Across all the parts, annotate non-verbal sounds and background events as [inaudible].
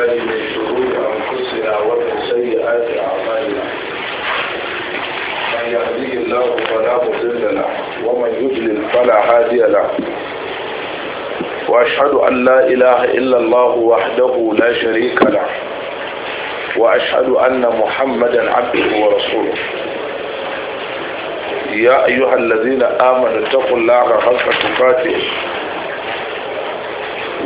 الله من شرور أنفسنا ومن سيئات أعمالنا من يهديه الله فلا مضل له ومن يضلل فلا هادي له وأشهد أن لا إله إلا الله وحده لا شريك له وأشهد أن محمدا عبده ورسوله يا أيها الذين آمنوا اتقوا الله حق تقاته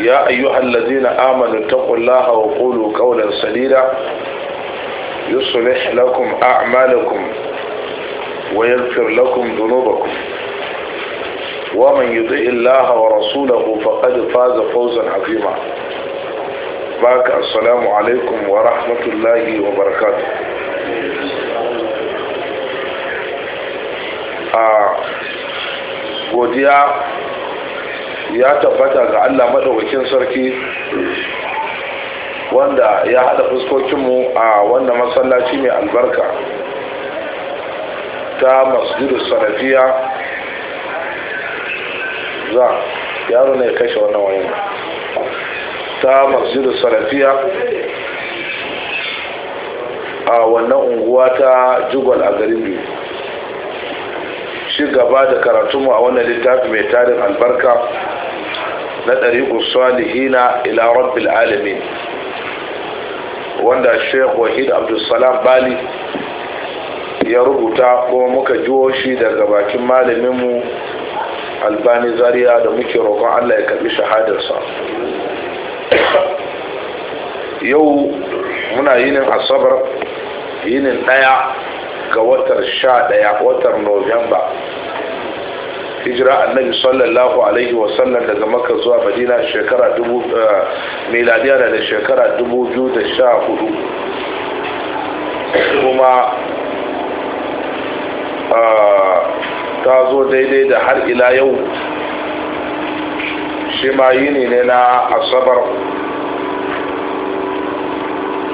يا أيها الذين آمنوا اتقوا الله وقولوا قولا سديدا يصلح لكم أعمالكم ويغفر لكم ذنوبكم ومن يطيع الله ورسوله فقد فاز فوزا عظيما باك السلام عليكم ورحمة الله وبركاته آه. godiya ya tabbata ga Allah madaukakin sarki wanda ya hada fuskokinmu a wannan masallaci mai albarka ta masjidu salafiya za yaro ne kashe wannan wani ta masjidu salafiya a wannan unguwa ta jugal a garin biyu shi gaba da karatunmu a wannan littafi mai tarin albarka na ɗariƙu salihina ila rabbil alamin wanda sheikh wahid abdulsalam bali ya rubuta ko muka jiwo shi daga bakin malaminmu albani zariya da muke roƙon allah ya karɓi shahadarsa yau muna yinin asabar yinin ɗaya ga watar sha ɗaya watar novemba hijira annabi sallallahu alaihi wasallam daga makka zuwa madina shekara dubu eh, miladiya da shekara dubu biyu da sha hudu kuma eh, ta zo daidai da har ila yau shi ma yini ne na asabar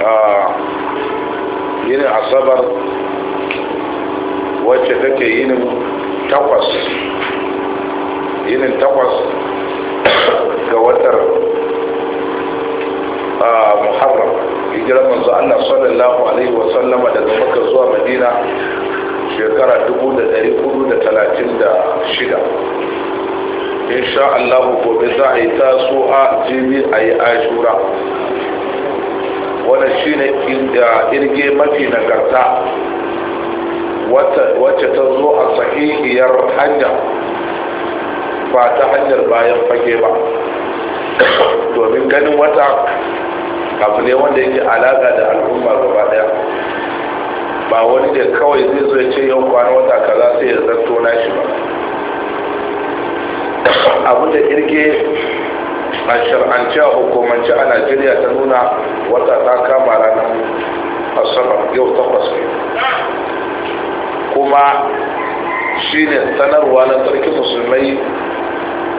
eh, yinin asabar wacce take yinin takwas yinin takwas ga watar muharram hijirar manzo Allah sallallahu alaihi wa sallama daga maka zuwa Madina shekara 1436 insha Allah gobe za a yi tasu'a jibi a yi ashura wannan shine irge mafi nagarta wacce ta zo a sahihiyar hanya ba ta hanyar bayan fage ba domin ganin wata abu ne wanda yake alaƙa da al'umma gaba daya ba wani da kawai zai zo ya ce yau kwana wata kaza sai ya zato na shi ba abu da kirge a shar'ance a hukumance a najeriya ta nuna wata ta kama ranar asabar yau takwas ne kuma shi ne sanarwa na sarki musulmai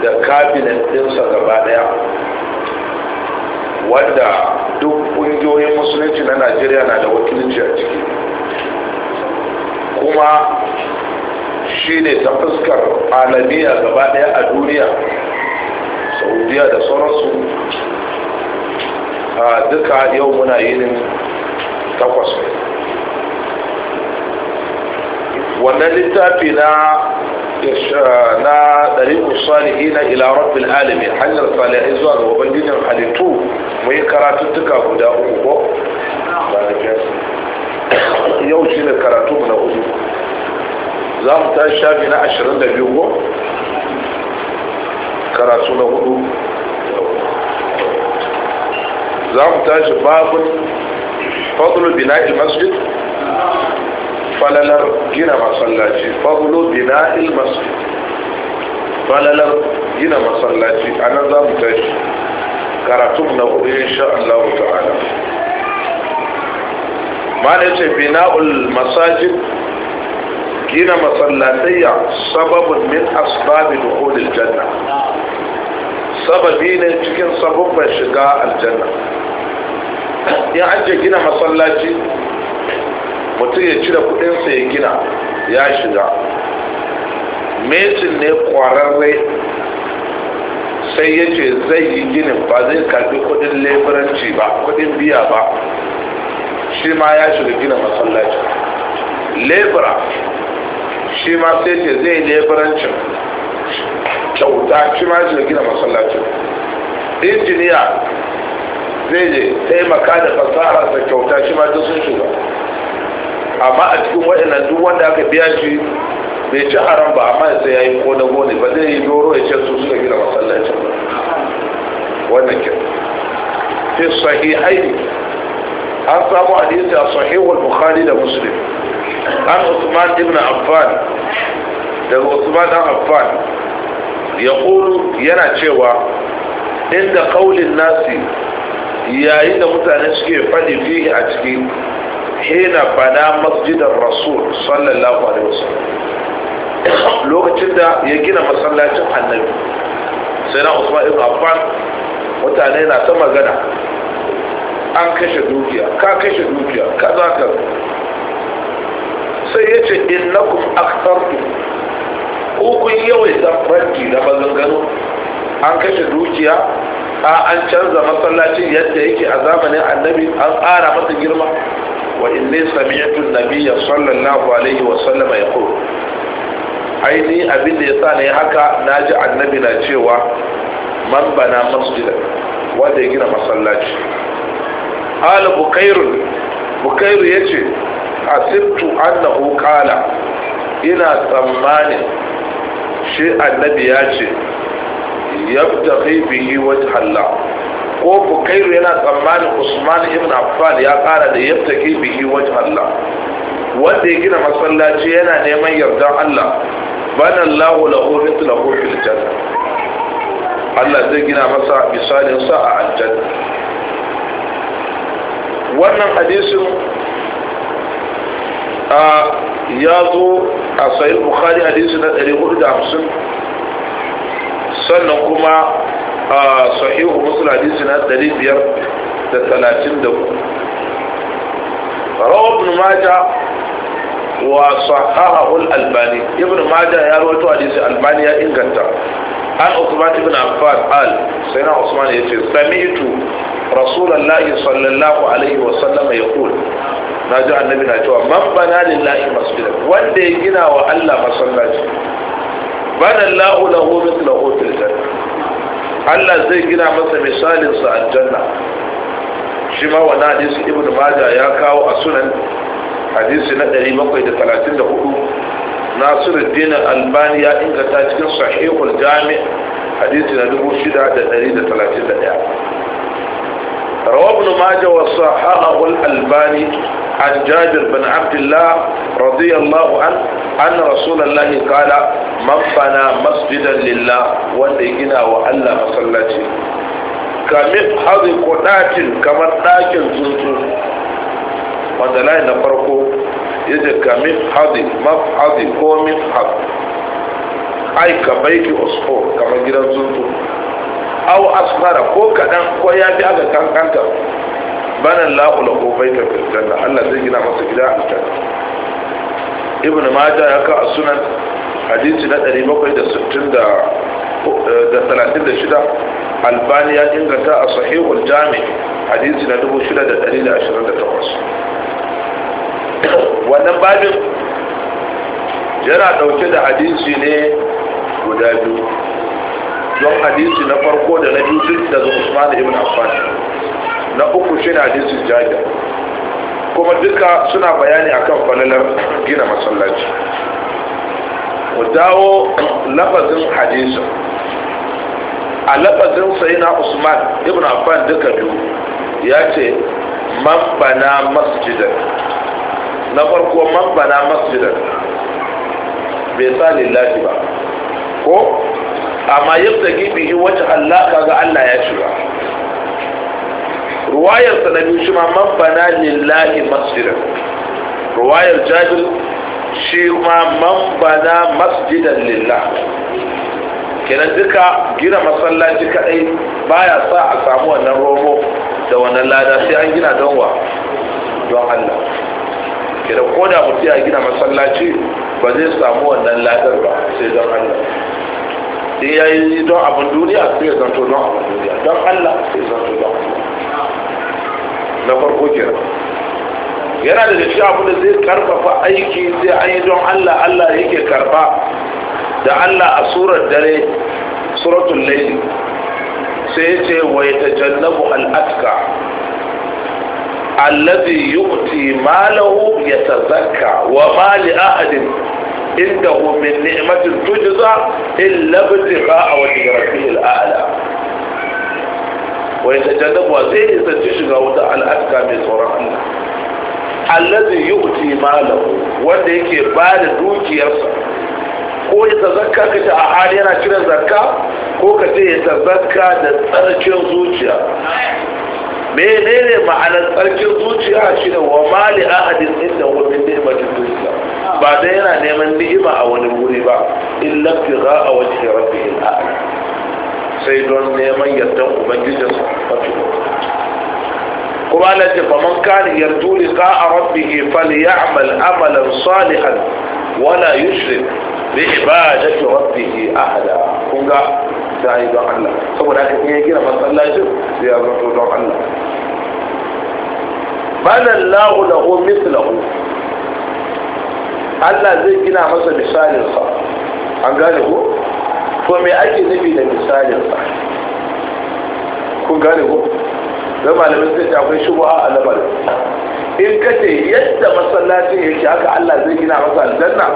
da kabinet dinsa gaba daya Wanda duk ƙungiyoyin musulunci na najeriya na da wakilci a ciki kuma shi ne ta fuskar alamiya gaba daya a duniya saudiya da sauransu a duka yau muna yinin takwas wannan littafi na na ɗariƙu salihina ila rabbil alamin hanyar salihai zuwa ga ubangijin halittu mu yi karatuttuka guda uku ko yau shi ne karatu na hudu za mu ta shafi na ashirin da biyu ko karatu na hudu za mu tashi babin fadlu bina masjid falalar gina masallaci fabulu bina'il masjid falalar gina masallaci a nan za mu tashi karatun na hudu insha Allah ta'ala ma da ce bina'ul masajid gina masallatayya sababin min asbabi dukhulil janna sababi ne cikin sababban shiga aljanna in an gina masallaci mutum ya cire kudinsa ya gina ya shiga mesin ne kwararre sai ya ce zai yi ginin ba zai karbi kudin leburanci ba kudin biya ba shi ma ya shiga gina masallaci lebura shi ma sai ce zai leburancin kyauta shi ma ya shiga gina masallacin injiniya zai je taimaka da fasahar ta kyauta shi ma ta sun shiga amma a cikin waɗannan duk wanda aka biya shi bai ci haram ba amma sai ya yi kone gone ba zai yi doro ya ce su suka gina masallacin ba wannan ke fi sahihai an samu hadisi a sahihul bukhari da muslim an usman ibn affan daga usman dan affan ya kuru yana cewa inda kaulin nasi yayin da mutane suke faɗi fihi a ciki hina bana masjidar rasul sallallahu alaihi wasallam lokacin da ya gina masallacin annabi sai na usman ibn affan mutane na ta magana an kashe dukiya ka kashe dukiya ka za ka sai ya ce innakum akhtartu ku kun yawaita banki da bazangano an kashe dukiya a an canza masallacin yadda yake a zamanin annabi an ƙara masa girma وإني سمعت النبي صلى الله عليه وسلم يقول aini abin da ya sa ne haka na ji annabi na cewa man bana masjida wanda ya gina masallaci ala bukairu bukairu ya ce asibtu annahu qala ina tsammanin shi annabi ya ce yabtaghi bihi wajh Allah ko bukairu yana tsammanin usman ibn affan ya kara da ke bihi wajen Allah wanda ya gina masallaci yana neman yardan Allah bana Allah lahu mithlahu fil janna Allah zai gina masa misalin sa a aljanna wannan hadisin ya zo a sahih bukhari hadisi na 450 sannan kuma a sahihu musul hadisi na 534 rawa ibn maja wa sahaha ul albani ibn maja ya rawaito hadisi albani ya inganta an usman ibn affan al sayyidina usman ya ce, sami'tu rasulullahi sallallahu alaihi wa sallama yaqul na ji annabi na cewa man bana lillahi masjida wanda ya gina wa Allah masallaci bana lahu lahu mithlahu fil jannah Allah zai gina masa misalin sa aljanna shi ma wannan hadisi ibnu majah ya kawo a sunan hadisi na 734 nasiruddin albani ya inganta cikin sahihul jami' hadisi na 6631 روى ابن ماجه وصححه الألباني عن جابر بن عبد الله رضي الله عنه أن رسول الله قال من بنى مسجدا لله ولينا وألا مصلاتي كمن حظ قناة كما لكن زنتو wanda layin na farko ya ce ka min hazi maf hazi ko min hazi ai ka baiki osfor kamar gidan zuntu aw asfara ko kadan ko ya fi aka kankanta banan lahu ko baita fil janna Allah zai gina masa gida a aljanna ibnu majah ya ka sunan hadisi na 760 da 36 albani ya inganta a sahihul jami hadisi na 6,128 wannan babin yana dauke da hadisi ne guda biyu don hadisi na farko da na biyu duk daga usman ibn affan na uku ne hadisin jabir kuma duka suna bayani akan falalar gina masallaci mu dawo lafazin hadisin a lafazin na usman ibn affan duka biyu ya ce man bana masjidan na farko man bana masjidan bai sa lillahi ba ko amma yadda gibi in wata Allah ga Allah ya shiga ruwayar sa shi ma man lillahi masjidan ruwayar jabir shi ma man masjidan lillah kenan duka gina masallaci kadai baya sa a samu wannan romo da wannan lada sai an gina don wa don Allah kenan ko da mutum ya gina masallaci ba zai samu wannan ladar ba sai don Allah sai ya yi don abin duniya sai ya zanto don abin duniya don allah sai ya zanto don na farko kenan yana da shi abu da zai karfafa aiki sai an yi don allah allah yake karfa da allah a surar dare suratul laifi sai ya ce wai ta tajallabu al'atka alladhi yukti malahu yatazakka wa ma li ahadin indahu min ni'matin tujza illa ibtigha'a wajhi rabbihil a'la wa yatajallabu zai isa shiga wuta al'atka mai tsoron Allah allazi yu'ti malahu wanda yake bada dukiyarsa ko ya tazakka ka ta a hali yana kiran zakka ko ka ce ya tazakka da tsarkin zuciya menene ma'anar tsarkin zuciya shi ne wa mali ahadin inda wa min ni'matin dunya ba dai yana neman ni'ima a wani wuri ba illa fiqa a wajhi rabbih al'a sai don neman yardan ubangijin sa kuma Allah ce fa man kana yarju liqa rabbih falyamal amalan salihan wala yushrik bi ibadati rabbih ahada kun ga za yi don Allah saboda haka in ya gina masallacin sai ya zato don Allah bana lahu lahu mislahu Allah zai gina masa misalinsa an gane ko to me ake nufi da misalinsa ku gane ko da malamin sai ta akwai shubu a lamarin in kace yadda masallacin yake haka Allah zai gina masa aljanna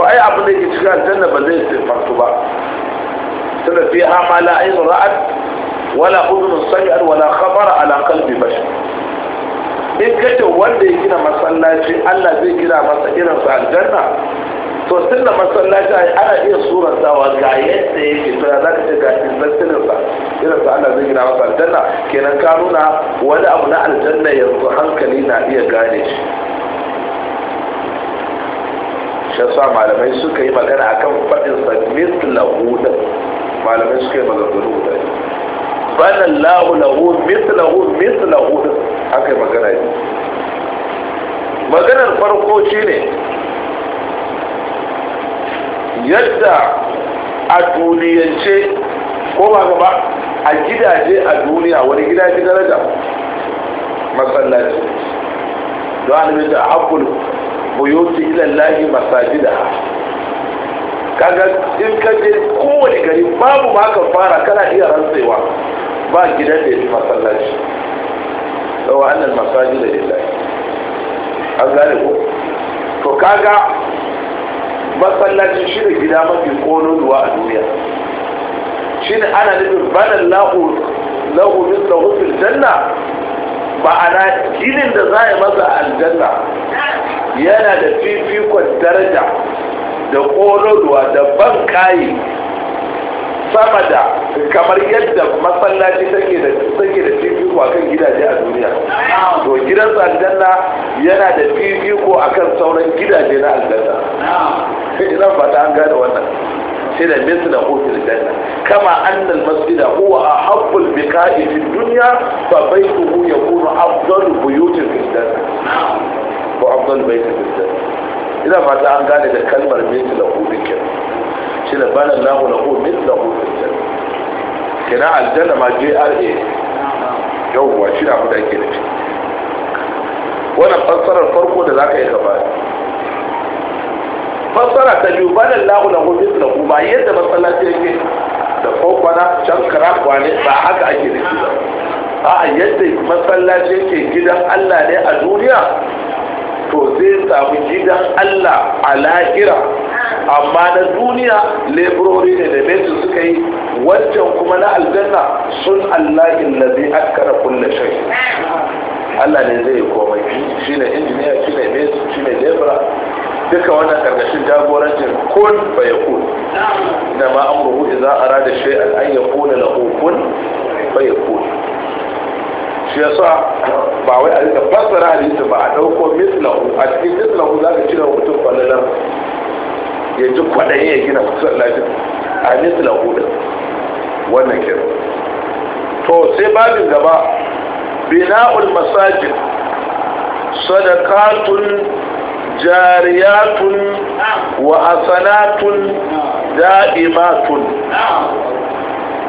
to ai abin da ke cikin aljanna ba zai sifantu ba tunda fi hama la ainu ra'at wala udun sami'at wala khabara ala ba shi. in kace wanda ya gina masallaci Allah zai gina masa irin sa aljanna to tun da masallaci ana iya surantawa ga yadda ya ke tana za ka ce ga investirinsa irin sa Allah zai gina masa aljanna kenan ka nuna wani abu na aljanna yanzu hankali na iya gane shi shi sa malamai suka yi magana akan faɗin sa mislahu da malamai suka yi magana da bana lahu lahu mislahu mislahu da aka yi magana yi maganar farko shi ne yadda a duniyance ko ba gaba a gidaje a duniya wani gidaje daraja masallaci don annabi da haƙƙul buyuti ila lahi masajida kaga in ka je kowane gari babu ma ka fara kana iya rantsewa ba gidan da ya fi masallaci yawa annal masajida lillahi an gane ko to kaga masallaci shi ne gida mafi kololuwa a duniya shi ne ana nufin banan lahu lahu min lahu fil janna ma'ana ginin da za a yi masa aljanna yana da fifikon daraja da ƙololuwa da ban kayi sama da kamar yadda masallaci take da take da fifiko akan gidaje a duniya to gidan aljanna yana da fifiko akan sauran gidaje na aljanna ina fata an gane wannan المسجد مثله في الجنة كما أن المسجد هو أحب البقاء في الدنيا فبيته يكون أفضل بيوت في الجنة أفضل بيت في الجنة إذا ما تعال قال إذا كلمة مثله بك شنا بان الله له مثله في الجنة كنا على الجنة ما جي آر إيه يوم شنا أبو دايكي وانا fassarar farko da za ka fassara ta biyu bada lahu na gobe na kuma yadda masallaci yake da kokwana cankara, kwane, ba haka ake da shi ba a yadda masallaci yake gidan allah ne a duniya to zai samu gidan allah a lahira amma na duniya laborori ne da mesu suka yi wancan kuma na aljanna sun allahin lazi akkara kulle shai allah ne zai komai shi ne injiniya shi ne mesu shi ne lebura duka wannan karkashin jagorancin kun fa yakun na ma amruhu idza arada shay'an an yaqula lahu kun fa yakun shi yasa ba wai a rika fasara hadisi ba a dauko mislahu a cikin mislahu za ka cire mutum falalar ya ji kwaɗayi ya gina masallacin a mislahu da wannan kira to sai babin gaba bina'ul masajid sadakatun jariyatun wa asanatun da'imatun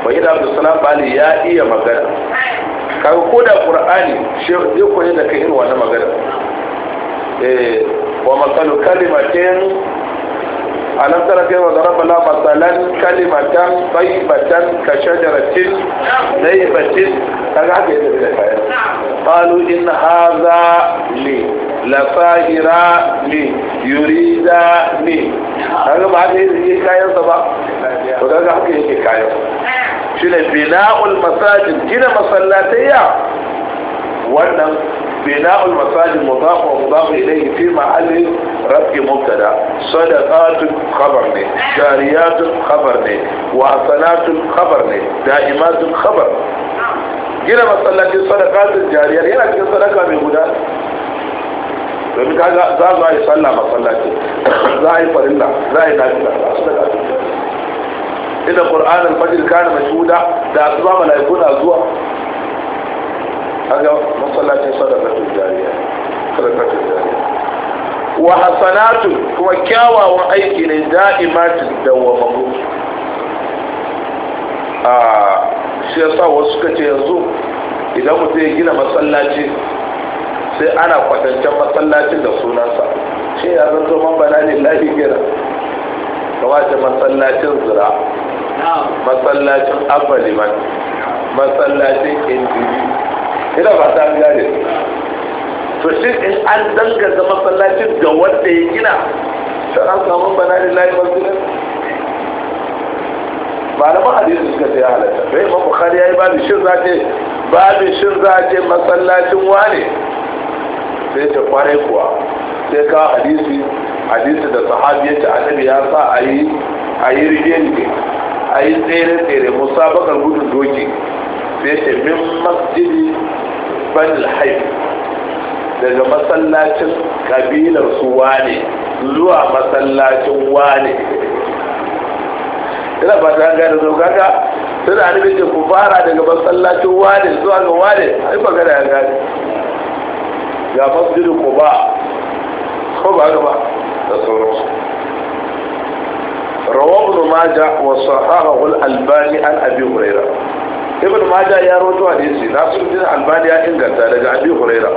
bai da salam bali ya iya magana kaga ko da qur'ani shi zai koyi da kai irin wannan magana eh wa masalu kalimatin ألم ترى كيف ضرب الله مثلا كلمة طيبة كشجرة طيبة قالوا إن هذا لي لفاهرة لي يريد لي هذا بعد هذه الحكاية طبعا وهذا حكي هذه شنو بناء المساجد كده مصلاتية وانا بناء المساجد مضاف ومضاف إليه في محل رفع مبتدا صدقات خبرني شاريات خبرني وحسنات خبرني دائمات خبر هنا مثلا في صدقات الجارية هنا في صدقة من هنا ومن قال ذا صلى الله مثلا ذا يصلى الله ذا يناجي الله إذا قرآن الفجر كان مشهودا ذا أسباب لا يكون أزوه haga masallacin sadaqatul jariya sadaqatul jariya wa hasanatu kuma kyawawan aiki ne da'imatu dawwamahu a shi yasa wasu suka ce yanzu idan mutum ya gina masallaci sai ana kwatancen masallacin da sunansa shi ya zo man bana lafi gina kama ce masallacin zura masallacin abaliman masallacin indibi ina ba ta biya ne to shi in an danganta masallacin da wanda ya gina sai an samu bana da layi masjidin malaman hadisi suka ce halatta bai ma bukhari yayi babu shin zaje babu shin zaje masallacin wane sai ta kwarai kuwa sai ka hadisi hadisi da sahabi ya ce annabi ya sa a yi a yi rigeni a yi tsere-tsere musabakar gudun doki sai min masjidi banil haif daga masallacin kabilar su wane zuwa masallacin wane ina ba ta gane zo kaga suna da annabi ku fara daga masallacin wane zuwa ga wane ai magana ya gane ga masjidin quba ko ba ga ba da sauransu رواه ابن ماجه وصححه Albani, عن أبي هريرة ibn maja ya na sun nasiruddin albani ya inganta daga abi huraira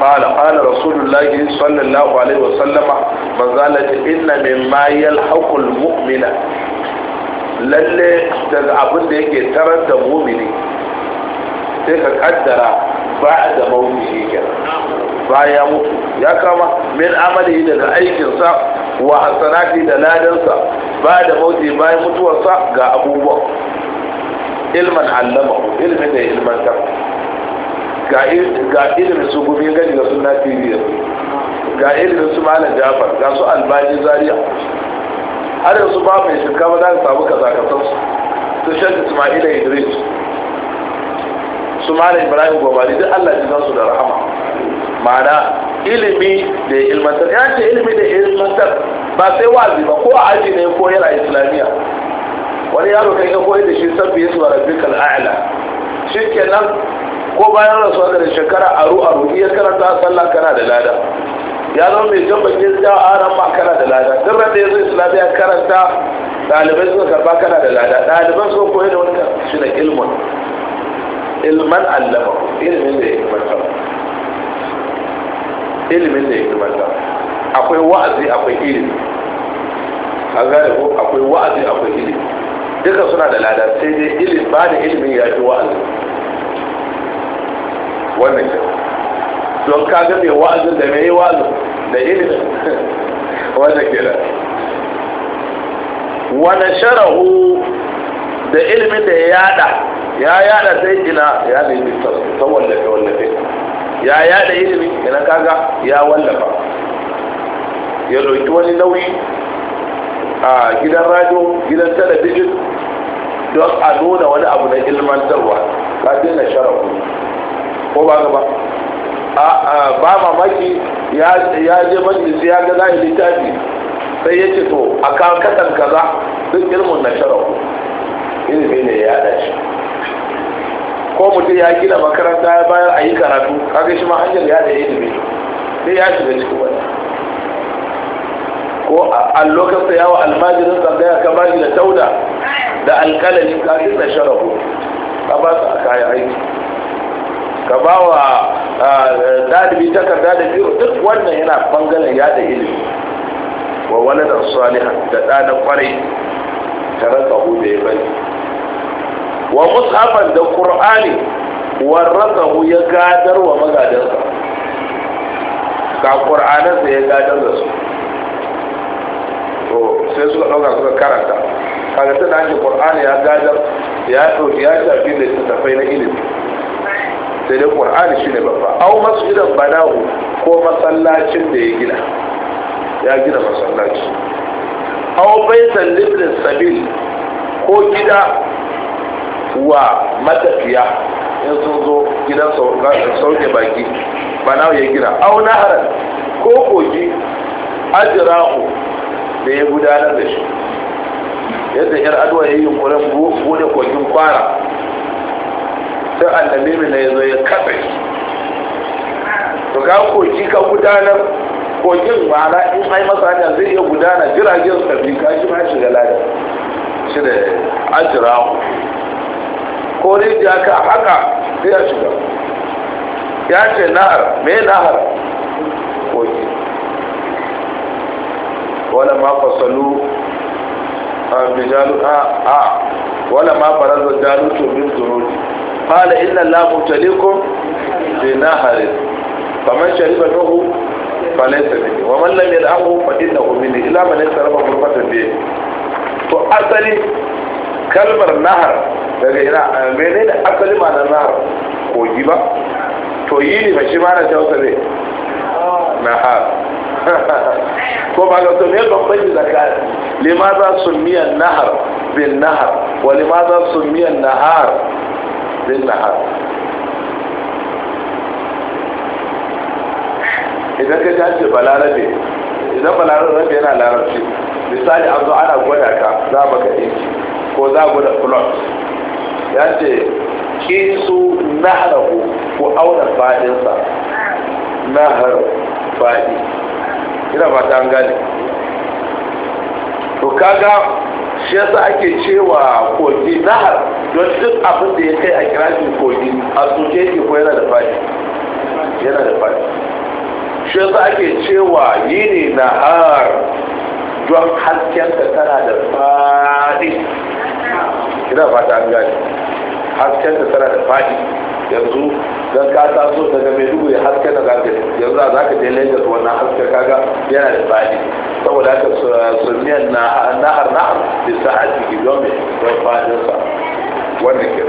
قال قال رسول الله صلى الله عليه وسلم من إن مما يلحق المؤمن lalle daga abin da yake tarar da mumini sai ka kaddara ba da mauni shi ya kama min amali daga aikinsa wa hasanati da ladansa ba da mauti bayan mutuwarsa ga abubuwan ilman allama ilmin da ta ga ilmin su gumi gani ga suna tv ga ilmin su malam jafar ga su albani Zariya, har yanzu ba mai shinkafa za ka samu kazakasan su su shan ismaila idris su malam ibrahim Gobari, duk allah ji su da rahama ma'ana ilimi da ilmantar ya ce ilimi da ilmantar ba sai wazi ba ko a aji ne ko yana islamiyya wani yaro kai ka koyar da shi sabbi ya suwa rabbikal a'la shi kenan ko bayan rasuwa da shekara aru aru iya karanta sallah kana da lada ya zama mai jan bakin ja a ran ma kana da lada duk ran da ya zo islamiyya karanta ɗalibai suka karba kana da lada ɗaliban suka koyi da wani shi na ilmun ilman allama ilmin da ya kimanta ilimin da ya kimanta akwai wa'azi akwai ilimi an gane ko akwai wa'azi akwai ilimi duka suna da lada sai dai ilimin ba da ilimin ya fi wa'azi wannan ke don ka ga mai wa'azin da mai wa'azin da ilimin [laughs] wannan ke da wani sharahu da ilimin da ya yada ya yada sai ina ya da yi ta wallafe wallafe ya yada ilimin ina kaga ya wallafa ya doki wani nauyi a gidan radio gidan talabijin don a nuna wani abu na ilmantarwa ka daina sharafu ko ba gaba ba mamaki ya je majalisi ya ga za littafi sai ya ce to a kan kasan kaza duk ilmin na sharafu ilimi ne ya dace ko mutum ya gina makaranta ya bayar a yi karatu kaga shi ma hanyar ya da ilimi sai ya shiga cikin wani ko allo ka saya wa almajirin tsangaya ka ba da tauda da alkalami kafin fi na sharafu ka ba su a kayan aiki ka ba wa ɗalibi takarda da biyu duk wannan yana bangaren yada ilimi wa wani da salihan da ɗana kwarai ta rasa hudu ya bari wa mushafan da ƙur'ani warrasahu ya gadar wa magadansa ka ƙur'anansa ya gadar da su to sai suka ɗauka suka karanta kaga ta da ake qur'ani ya gadar ya ɗauki ya shafi da tafai na ilimi sai dai qur'ani ne babba au masjidan banahu ko masallacin da ya gina ya gina masallaci au baitan librin sabil ko gida wa matafiya in sun zo gidan sauke baki banahu ya gina au naharan ko kogi ajirahu da ya gudanar da shi yadda yar adwa ya yi yunkurin bude kogin kwara sai annabi mai na ya zo ya katse to ga koki ka gudanar kogin mana in ai masa hanyar zai iya gudana jiragen sabi ka shi ma shiga ladar shi da ajira ko ji aka haka sai ya shiga ya ce na'ar me na'ar koki wala ma fasalu bijalu a a wala ma faraza to bin zuruji qala inna la mubtalikum bi naharin faman shariba minhu falaysa bi wa man lam yad'ahu fa innahu min illa man yasrafa qurbata bi to asali kalmar nahar daga ina menene asali ma nahar ko ba to yi ne ba shi ma na tausa ne nahar ko ba ga to me bambanci zakari limaza sumiya nahar bin nahar wa limaza sumiya nahar bin nahar idan ka tashi balarabe idan balarabe yana larabci misali an zo ana gwada ka za ba ka inci ko za gwada plot ya ce kisu naharahu ko auna fadinsa nahar fadi ina ba ta an gane to kaga shi yasa ake cewa kogi nahar don duk abin da ya kai a kira shi kogi a soke shi ko yana da fadi yana da fadi shi yasa ake cewa yini nahar don hasken tana da fadi ina ba ta an gane hasken da tana da fadi yanzu don ka taso daga maiduguri hasken da zaka yanzu za ka je lagos wannan hasken kaga yana da fadi saboda haka sunniyar nahar nahar da sa'ad jiki don mai don fadinsa wannan ke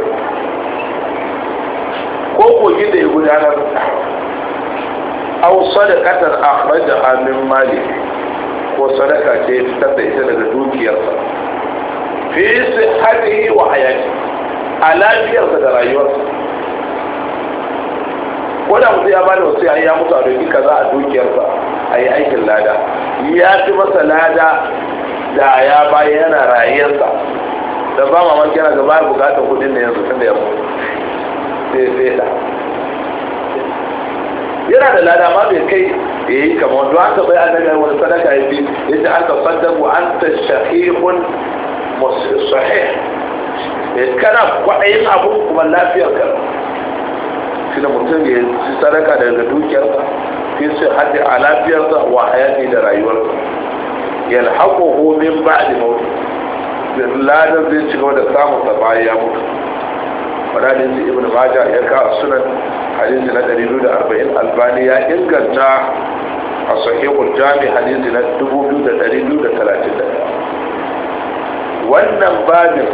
ko kogi da ya gudanar au sadaqatan akhrajaha min mali ko sadaka ce ta da ita daga dukiyarsa fi sihhatihi wa hayatihi a lafiyarsa da rayuwarsa ko da mutu ya bada wasu yayi ya mutu a doki kaza a dukiyarsa a yi aikin lada ya fi masa lada da ya baya yana rayuwarsa da ba mamaki kira gaba bukatar kudin da yanzu tun da ya mutu sai sai da yana da lada ma bai kai ya yi kama wanda aka bai an daga wani sadaka ya fi yadda aka fadda an ta shahihun sahih kana kwaɗayin abu kuma lafiyar ka shi da mutum ya yi sadaka daga dukiyarsa fi su haddi a lafiyarsa wa hayati da rayuwarsa yalhaquhu min ba'di da ladan zai ci gaba da samun sa bayan ya mutu fadadin su ibn maja ya ka sunan hadisi na 240 albani ya inganta a sahihul jami hadisi na 2231 wannan babin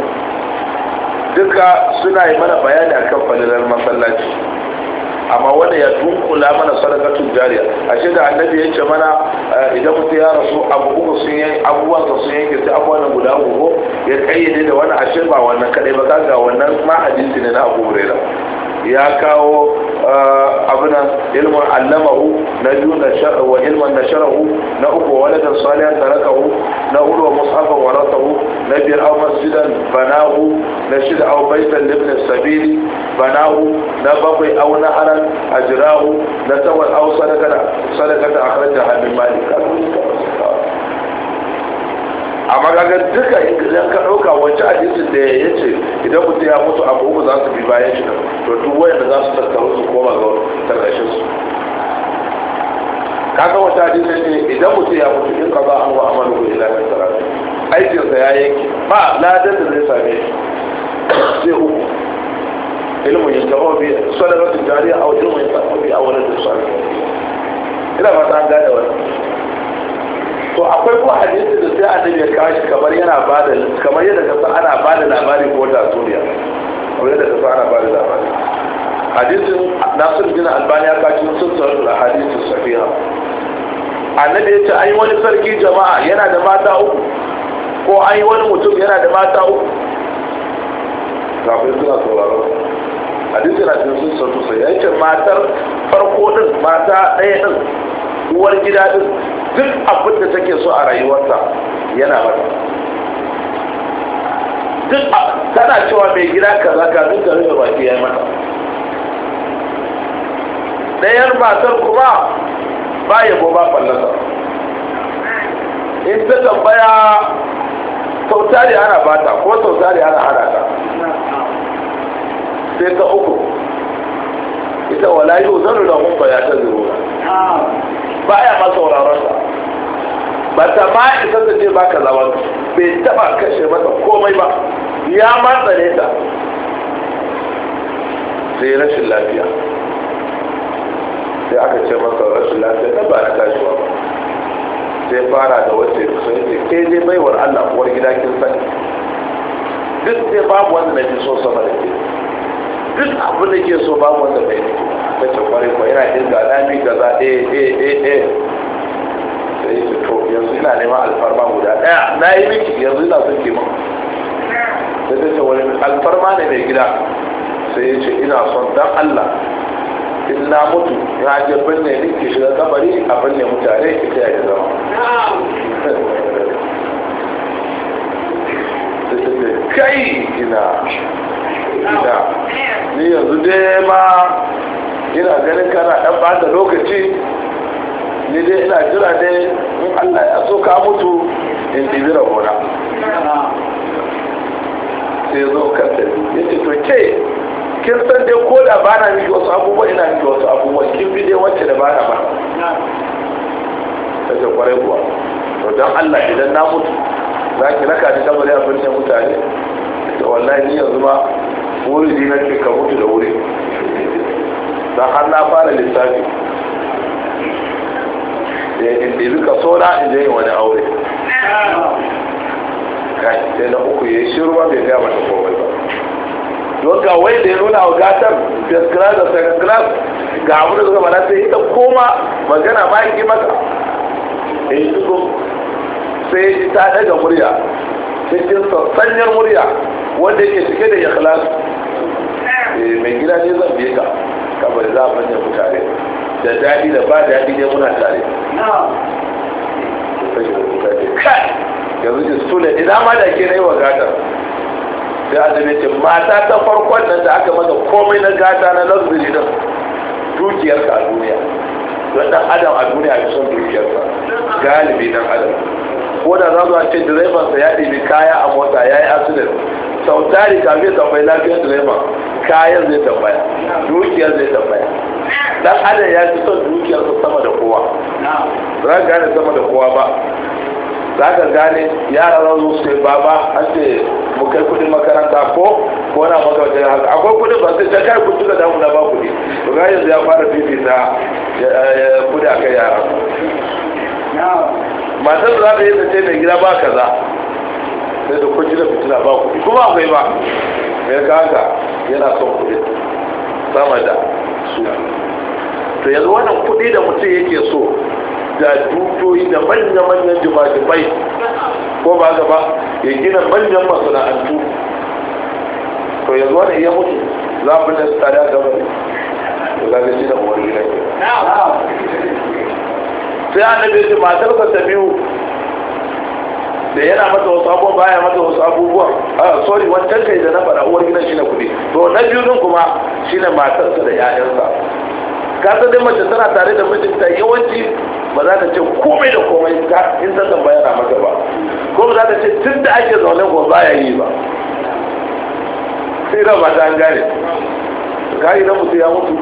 duka suna yi mana bayani a kan falilar masallaci amma wanda ya tunkula mana sadakatun jariya shi da annabi ya ce mana eh, idan mutu ya rasu abu uku sun yi abubuwan sa sun yanke sai abubuwan na guda uku ya kayyade da wani ashe ba wannan kadai ba ga wannan ma hadisi ne na abu hurairah ya kawo abuna ilmin allamahu na biyu wa ilmin nasharahu na uku waladan salihan tarakahu na hudu wa mus'afan warasahu na biyar au masjidan banahu na shida au baitan libn sabili banahu na bakwai au na aran ajrahu na tawar au sadakata sadakata akhrajaha min malik amma kaga duka in ka ɗauka wancan hadisin da ya ce idan mutum ya mutu abu uku za su bi bayan shi to duk da za su tattaru su koma ga tarkashin su kaga wata hadisin ne idan mutum ya mutu in kaza an wa amalu ko ila tarafi aikin aikinsa ya yanke ba ladan da zai same shi sai uku ilmu ya su bi sadaqatu jariya aw ilmu ya a bi aw walad salih ina ba ta gane wannan to akwai ko hadisi da sai annabi ya kawo shi kamar yana bada kamar yadda ka san ana bada labari ko da suriya kamar yadda ka san ana bada labari hadisin nasir bin albani ya kawo sun da hadisin safiya annabi ya ce an yi wani sarki jama'a yana da mata uku ko an yi wani mutum yana da mata uku kafin suna sauraron hadisin na cikin sun sauran ya ce matar farko din mata ɗaya din uwar gida din duk abin da take so a rayuwarsa yana mata duk tana cewa mai gida kaza kafin ka da baki ya mata ɗayar matar kuma ba yabo ba fallasa in ta tambaya sautari ana bata ko sautari ana hana ta sai ta uku ita wala yi uzaru da hun ya ta zuru ba ya ma sauraron sa ba ta ma isa ta ce ba ka zawa bai taba kashe mata komai ba ya ma tsare ta sai rashin lafiya sai aka ce masa rashin lafiya na ba na tashiwa ba sai fara da wacce ya kusa yake ke dai baiwar allah kuwar gida kin sani duk sai babu wanda na fi so sama da ke duk abin da ke so babu wanda bai ne kace kwarai ko yana dinga lami gaza a eh eh eh sai su to yanzu ina neman alfarma guda daya na yi miki yanzu ina son ke mun sai ta ce wani alfarma ne mai gida sai ya ce ina son dan Allah in na mutu na je binne ne ke shiga kabari a binne mutane ki ta yi zama kai ina ina ni yanzu dai ma yana ganin kana ɗan bada lokaci ni dai ina jira dai in allah ya so ka mutu in ɗibi rahona. sai ya zo kan ya ce to ke kin san dai ko da ba na miki wasu abubuwa ina miki wasu abubuwa kin bi dai wacce da ba na ba ta ce kwarai kuwa to don allah idan na mutu za ki raka ni kamar ya birnin mutane to wallahi ni yanzu ma wuri na ce ka mutu da wuri don har na fara lissafi da eh, in ɗebi kaso na in je wani aure kai sai na uku ya yi shirwa bai gaya mata komai ba don ga wai da ya nuna wa gatar first class da second class ga abu da suka mana sai ita koma magana ba yi mata in eh, yi sai ya ta daga murya cikin sassanyar murya wanda yake cike da ikhlas eh, mai gida ne zan biye ka kamar za a ne mutane da daɗi da ba daɗi ne muna tare yanzu da suna ina ma da ke na yi wa gatar sai azumi ce mata ta farkon nan da aka masa komai na gata na luxury dukiyar ka a duniya don dan adam a duniya ya son ka. galibi dan adam ko da za zuwa ce direban sa ya ɗibi kaya a mota ya yi accident sau tari zai tambayi lafiyar direban kayan zai tambaya dukiyar zai tambaya dan adam ya fi son dukiyar sama da kowa ran gane sama da kowa ba za ka gane yara za su ba baba an ce mu kai kudin makaranta ko ko na makaranta haka akwai kudin ba sai kai kudi da damu na ba kudi to ga yanzu ya fara fifita eh, eh, kudi kai yara matar za ta yi ta ce mai gida ba kaza sai da kun da fitina ba kudi kuma akwai ba mai kaka yana son kudi sama da su to yanzu wannan kudi da mutum yake so da dukiyoyi da manya-manyan jima'i ko ba gaba ya gina manyan masana'antu to yanzu wani iya mutu za mu da tsada gaba ne da za ka shi da mawari gina ke sai an ya ce matar ka ta biyu da yana mata wasu abubuwa ya mata wasu abubuwa a ah, sorry wancan kai da na faɗa uwar gidan shi na kuɗi to na biyu din kuma shi na matarsa da 'ya'yansa kasa dai mace tana tare da mijinta yawanci ba za ta ce komai da komai in ta tambaya na maka ba ko ba za ta ce tun da ake zaune ko ya yi ba sai da ba ta gane ka yi na mutu ya mutu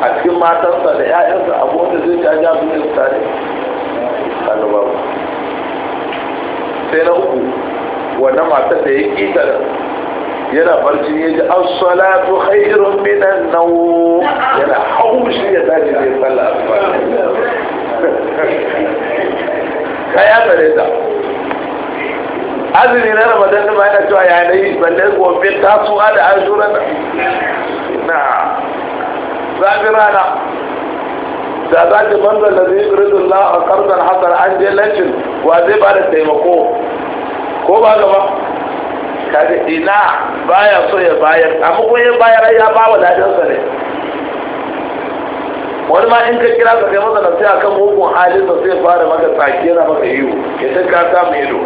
a cikin matansa da 'ya'yansa a wanda zai ja ja su ne tare sai na uku wannan matar da ya ƙi ta da yana barci ya ji as-salatu khairun min an-nawm yana haushi ya tashi ne sallah asuba kaya tare ta azumi na ramadan ba yana cewa ya nayi balle gobe tasuwa da ashura na zafi rana da za ta banza da zai ridin la a karnar hasar an je lancin wa zai ba da taimako ko ba gaba kaga ina baya so ya bayar amma ko ya bayar ya ba wa ladansa ne wani ma in ka kira ka kai masa nasiha kan mugun halin da zai fara maka tsaki yana maka yiwu ya ta ka samu ido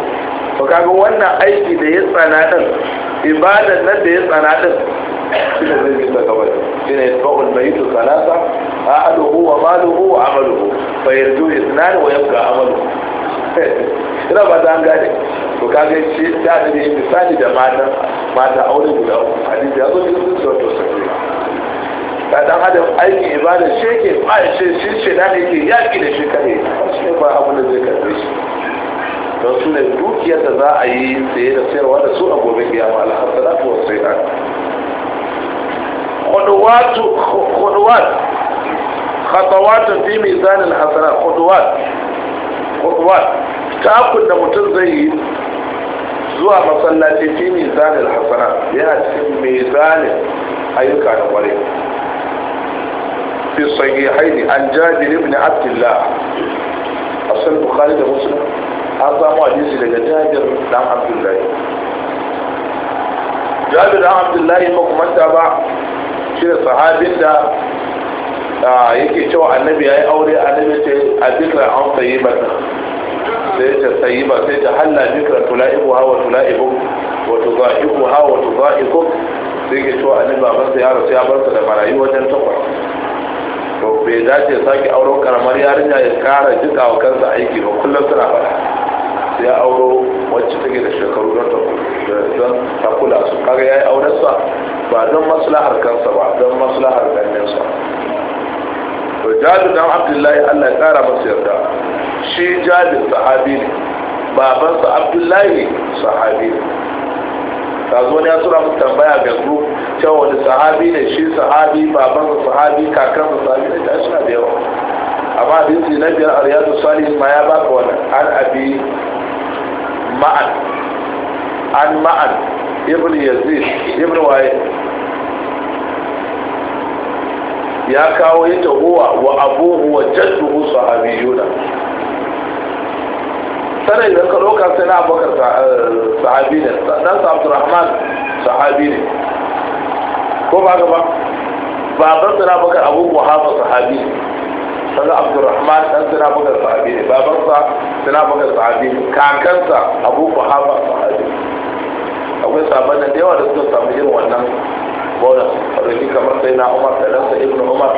ba kaga wannan aiki da ya tsana ɗin ibadan nan da ya tsana shi shine zai bi ta gaba shine yasba'ul mayitu salasa aluhu wa maluhu wa amaluhu fa yarju isnan wa yabqa amaluhu [laughs] ina ba ta an gane to kaga shi da da misali da mata mata aure guda hadisi ya zo su sunan to sai ka dan hada aikin ibada shi ke ba shi shi da ne ke yaki da shi kare shi ba abu da zai karbe shi don su ne dukiyar da za a yi saye da sayarwa da su a gobe kiyama alhassanatu wasu sai an خطوات خطوات في ميزان الحسنات خطوات خطوات تأكل لمتن زي زوا مصلاتي في ميزان الحسنات يعني في ميزان أيك عن وليه في الصحيحين عن جابر بن عبد الله أصل البخاري ومسلم an samu hadisi daga jabir dan abdullahi jabir dan abdullahi ba kuma ta ba shi da sahabin da yake cewa annabi ya yi aure annabi ce a bikra an sayi mata sai ta sayi ba sai ta halla bikra tula'ibu hawa tula'ibu wa tuza'ibu hawa tuza'ibu sai ke cewa annabi masa ya rasu ya barsa da marayu wajen takwas to bai dace sake auren karamar yarinya ya kara jika wa kansa aiki ba kullum suna fara ya auro wacce take da shekaru don ta kula su kaga ya yi aurensa ba don maslahar kansa ba don maslahar ganinsa to jabir dan abdullahi allah ya kara masa yarda shi jabir sahabi ne babansa abdullahi sahabi ne kazo ne ya tura mu tambaya ga su cewa wani sahabi ne shi sahabi babansa sahabi kakansa sahabi ne tashi na da yawa amma abin na biyar a riyadu salihin ma ya baka wani an abi ma'an an ma'an ibn yazid ibn waye ya kawo ita huwa wa abuhu wa jadduhu sahabiyuna sanai da ka ɗauka sai na abokan eh, sahabi ne sannan sa abdurrahman sahabi ne ko ba ga ba baban sa na abokan abubuwa hafa sahabi ne kaga abdurrahman dan suna buga sahabi ne babansa suna buga sahabi ne kakansa abu kuhafa sahabi akwai sahabban da yawa da suka samu irin wannan bonus rufi kamar sai na umar da ɗansa ibn umar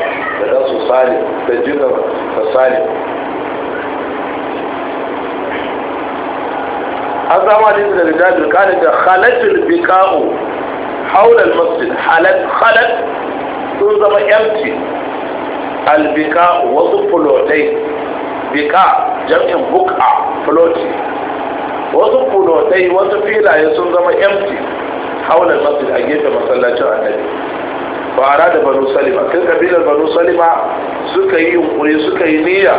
da ɗansu salim da jikin da salim an samu hadisi da rijal kanin da khalatul bika'u haula masjid halat halat sun zama empty albika wasu fulotai bika jam'in buk'a floti wasu fulotai wasu filaye sun zama empty haula masjid a gefe masallacin annabi fara da banu salima kan kabilar banu salima suka yi yunkuri suka yi niyya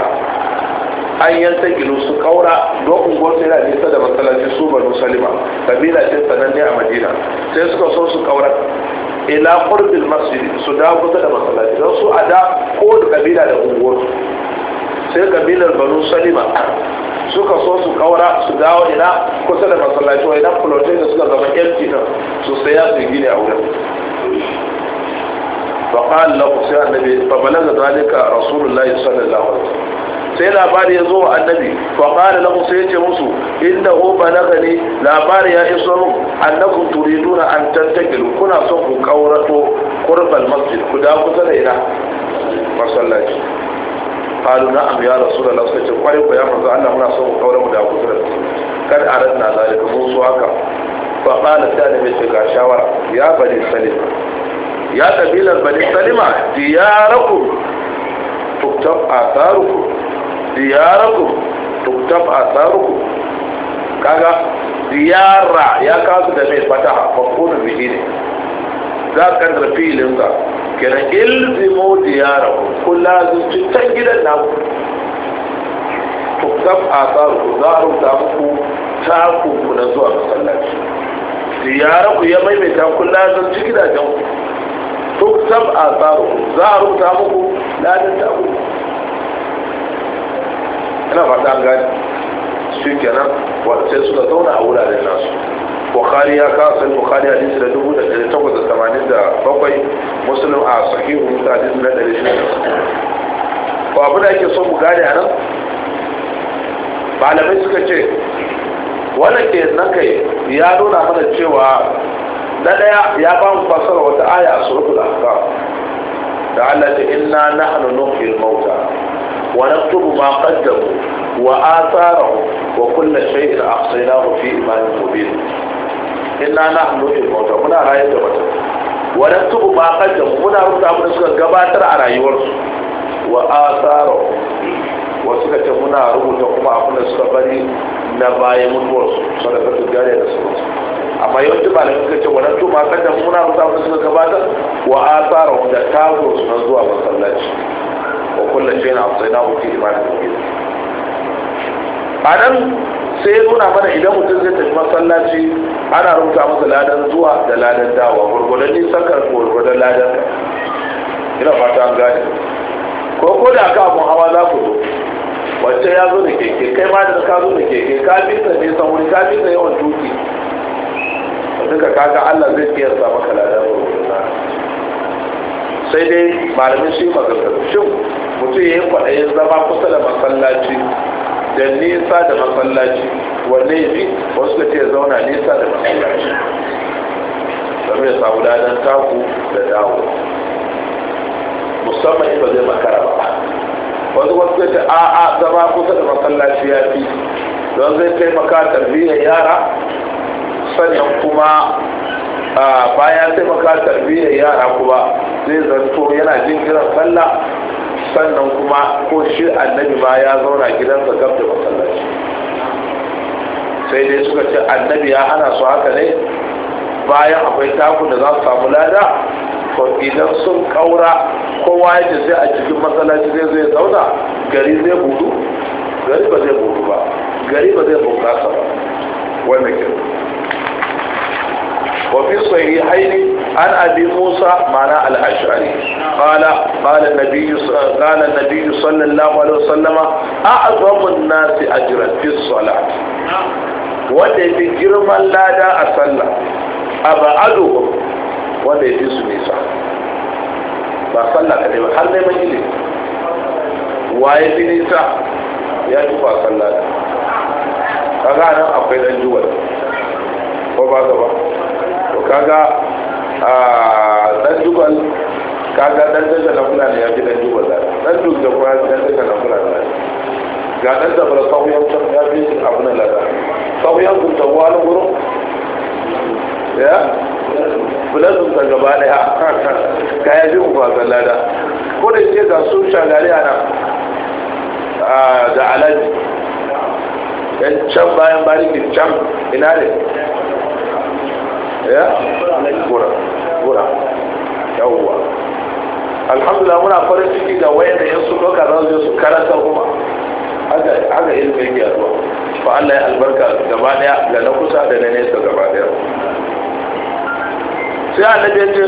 an yanta gilu su kaura dokun unguwar yana da nisa da masallacin su banu salima kabila ce sananne a madina sai suka so su kaura ila qurbin masjid su da kusa da masallaci don su a da ko da kabila da unguwar sai kabilar banu salima suka so su kaura su dawo ina kusa da masallaci wa idan fulotai da suka zama empty nan su ya su gini a wurin فقال له سيدنا النبي فبلغ ذلك رسول الله صلى الله عليه وسلم sai labari ya zo wa annabi fa qala lahu sai yace musu inda hu balagani labari ya iso mu annakum turiduna an tantakilu kuna so ku kaurato qurbal masjid ku da kusa da ina masallaci qalu na'am ya rasulullah sai ce kware ku ya manzo Allah muna so ku kaura mu da kusa da kar aradna zalika mu so haka fa qala sai annabi ce ga shawara ya bani salim ya ƙabilar bani salima diyarakum tuktab asarukum Tuktaf tuktab asarukum kaga ziyara ya kasu da mai fataha mafhumin bihi ne za ka kaddara filin ka kenan ilzimu diyarakum kullu cikin gidan naku tuktab asarukum za a rubuta muku takunku na zuwa masallaci Ziyararku ya maimaita kun lazarci gidajen ku tuktab azaru za a rubuta muku ladan ta ku ina fata gani shi kenan wanda sai suka zauna a wuraren nasu bukhari ya kawo sai bukhari hadisi da dubu da ɗari takwas da tamanin da bakwai muslim a sahihu da hadisi na ɗari shida ba abu da ake son mu gane a nan malamai suka ce wannan ke nan kai ya nuna mana cewa na daya ya ba mu fasar wata aya a suratul ahqaf da Allah ta inna nahnu nuhyil mauta wa naktubu ma qaddamu wa atharahum wa kullu shay'in ahsaynahu fi imanin mubin inna nahnu nuhyil mauta muna rayar da mutum wa naktubu ma qaddamu muna rubuta abin da suka gabatar a rayuwarsu wa atharahum wa suka ce muna rubuta kuma abin da suka bari na bayan mutuwarsu sadaka tujariya da sauransu amma yawanci malamai suka ce wannan to ma mun muna musa musu suka gabata wa asara da tawo na zuwa masallaci wa kullu shay'in afsayna fi imanin kibir anan sai ya nuna mana idan mutum zai tafi masallaci ana rubuta masa ladan zuwa da ladan dawa gurgurdan nisan ka gurgurdan ladan ka ina fata an gane ko ko da ka abun hawa za ku zo wacce ya zo da keke kai ma da ka zo da keke ka fi ta nisan wuri ka fi ta yawan tuki duka kaga Allah zai kiyasta maka ladan rubuta sai dai malamin shi maganganu shi mutum ya yi kwaɗayin zama kusa da masallaci da nisa da masallaci wanne ya fi wasu da ce zauna nisa da masallaci don ya samu ladan taku da dawo musamman ba zai makara ba wasu wasu da ce a'a zama kusa da masallaci ya fi don zai taimaka tarbiyyar yara sannan kuma bayan taimaka tarbiyyar yara kuma zai zanto yana jin kiran sallah sannan kuma ko shi annabi ma ya zauna gidansa gab da masallaci sai dai suka ce annabi ya ana su haka ne bayan akwai taku da za su samu lada to idan sun kaura kowa ya sai a cikin masallaci zai zai zauna gari zai budu gari ba zai budu ba gari ba zai bunkasa ba wannan kenan وفي الصحيحين عن أبي موسى معنى الأشعري قال قال النبي قال النبي صلى الله عليه وسلم أعظم الناس أجرا في الصلاة wanda ya fi girman lada a sallah a ba'adu wanda ya fi su nisa ba sallah ka ba har neman ile waye fi nisa ya fi ba sallah da kaga nan akwai dan juwal ko ba gaba kaga a dan jubal kaga dan daga na ne ya fi dan jubal da dan duk da kuma dan daga na fulani ga dan da bala sahu yau san ya fi abu na lada sahu yau kun tawo wani gurin ya bulazun ta gaba daya [laughs] ga ya fi uba zan lada ko da ce ga su shagari a nan da alaji yan can bayan bariki can ina ne ya eh? gura gura yawwa alhamdulillah muna farin ciki da wayan da yansu doka za su su karanta kuma haka ilimin ya yaduwa fa Allah ya albarka gaba daya da na kusa da na nesa gaba daya sai a ya ce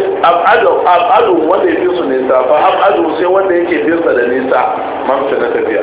abadu wanda ya fi su nisa fa abadu sai wanda yake bisa da nisa mamsa na tafiya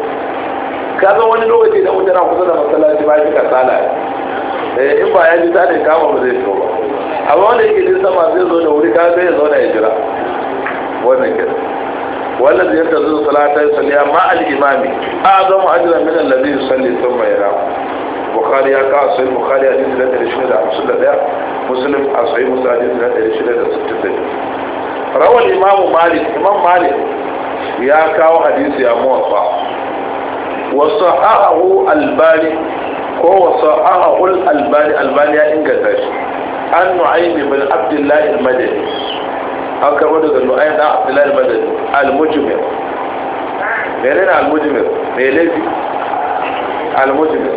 ka wani lokaci da mutum na kusa da masallaci ba shi kasala in ba ya ji ta ne kama ba zai fito amma wanda yake jin sama zai zo da wuri ka zai ya zauna ya jira wannan kira wannan zai yarda zuwa salatar saliya ma al-imami a mu ajira min allazi yusalli thumma yanam bukhari ya kawo sai bukhari a jinsu da da 651 muslim a sai musa a jinsu da 662 rawar imamu malik imam malik ya kawo hadisi a muwafa wasu ahu albani ko wasu ahu albani albani ya inganta shi an nu'aymi bin abdullahi al-madani an karɓo daga nu'aym da abdullahi al-madani al-mujmir mene na al-mujmir me laifi al-mujmir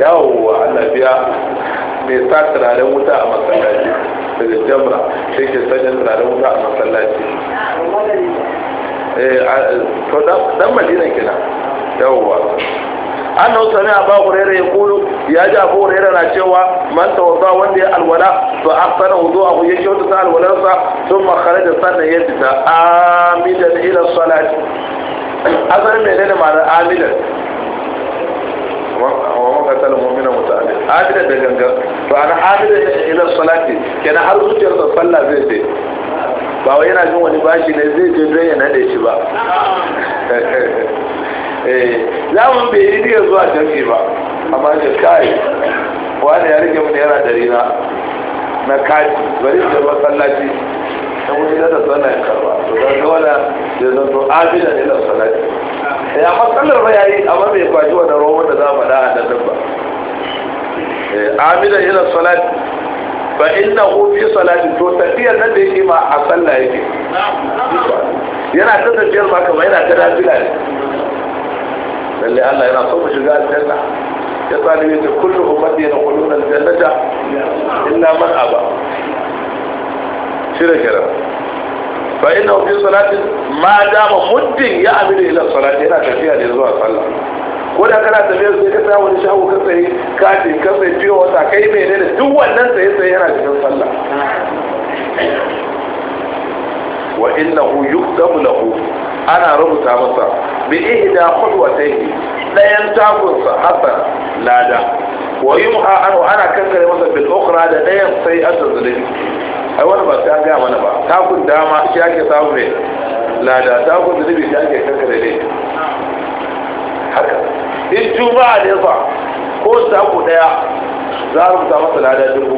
yawwa Allah biya mai sa turaren wuta a masallaci daga jamra shi ke sanya turaren wuta a masallaci eh, to dan madina kina yawwa an sami a hurairah ya kulu ya ji abu hurairah na cewa man tawadda wanda ya alwala to ahsana wudu'ahu ya kyauta ta alwalarsa thumma kharaja sannan ya fita amidan ila salati azar me ne ma'anar amidan wa man tala mu'mina muta'ali amidan da ganga to ana amidan ila salati kenan har zuciyar sa sallah zai je ba wai yana jin wani bashi ne zai je don ya nade shi ba [laughs] Eh, zamun bai yi niyyar zuwa jam'i ba amma da kai wani ya rike mun yana dari na na kai bari da masallaci ta mun da sallah ya karba to da dole da zan to abida ne da eh, salati ya masallar ba yayi amma bai kwaji wannan roman da za mu da a nan ba eh, amina ila salati fa innahu fi salati to tafiyar nan da yake ma a sallah yake yana ta tafiyar ma kamar yana ta dafila ne lalle Allah yana so mu shiga aljanna ya sani ne kullu ummati yadkhuluna aljannata illa man aba shira kira fa inna fi salati ma dama muddin ya amilu ila salati yana tafiya ne zuwa sallah ko da kana tafiya sai ka sa wani shago ka tsaye ka ce ka tsaye fiye wata kai menene duk wannan tsaye tsaye yana cikin sallah wa innahu yuktabu lahu ana rubuta masa bi ihda khudwatayhi dayan takunsa hasan lada wa yumha an ana kankare masa bil ukhra da dayan sai azzalim ai wani ba ta ga mana ba takun dama shi ake samu ne lada takun zulubi shi ake kankare ne haka in juma'a ne fa ko sako daya za a rubuta masa lada dubu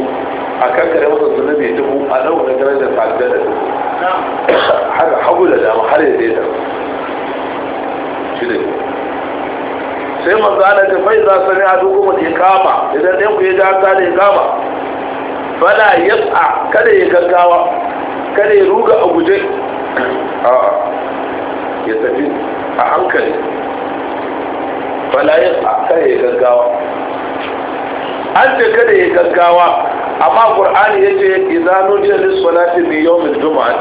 a kan kare masa mai dubu a nan wani da fa'adar da dubu har hagu da dama har ya daidar shi ne sai manzo Allah ta fai za sani a duk mun ikama idan ɗan ku ya ga ta da ikama fala yas'a kada ya gaggawa kada ya ruga a guje A ya tafi a hankali fala yas'a kada ya gaggawa an ce kada ya gaggawa amma qur'ani yace idza nudiya lis salati min yawm al jum'ah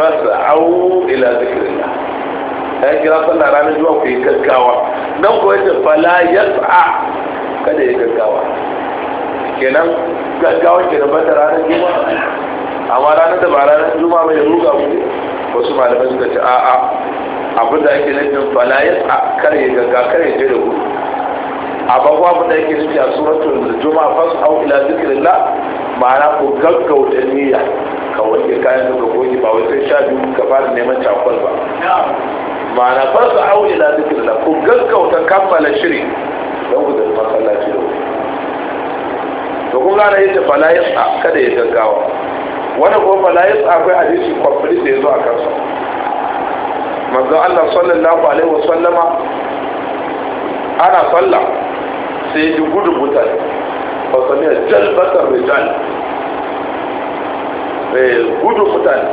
fas'au ila dhikrillah ya kira sallah ranar zuwa ku yi gaggawa nan ko yace fala yas'a kada ya gaggawa kenan gaggawa kenan da ta ranar juma'a amma ranar da ba ranar juma'a bai ruga ku wasu malamai suka ce a'a abinda ake nufin fala yas'a kare ya gaggawa kare ya je da gudu amma kuma abin da yake nufi a suratul juma'a fas au ila zikrillah ma'ana ku gaggauta niyya ka wanke kayan da ka goge ba wai sai sha biyu ka fara neman cakwal ba ma'ana fas au ila zikrillah ku gaggauta kammala shiri don ku zama masallaci da to kun gane yadda fala ya kada ya gaggawa wani kuma fala ya akwai hadisi kwamfani da ya zo a kansa manzon Allah sallallahu alaihi wasallama ana sallah sai ya ji gudun mutane ba sami jalbatar rijal eh, gudun mutane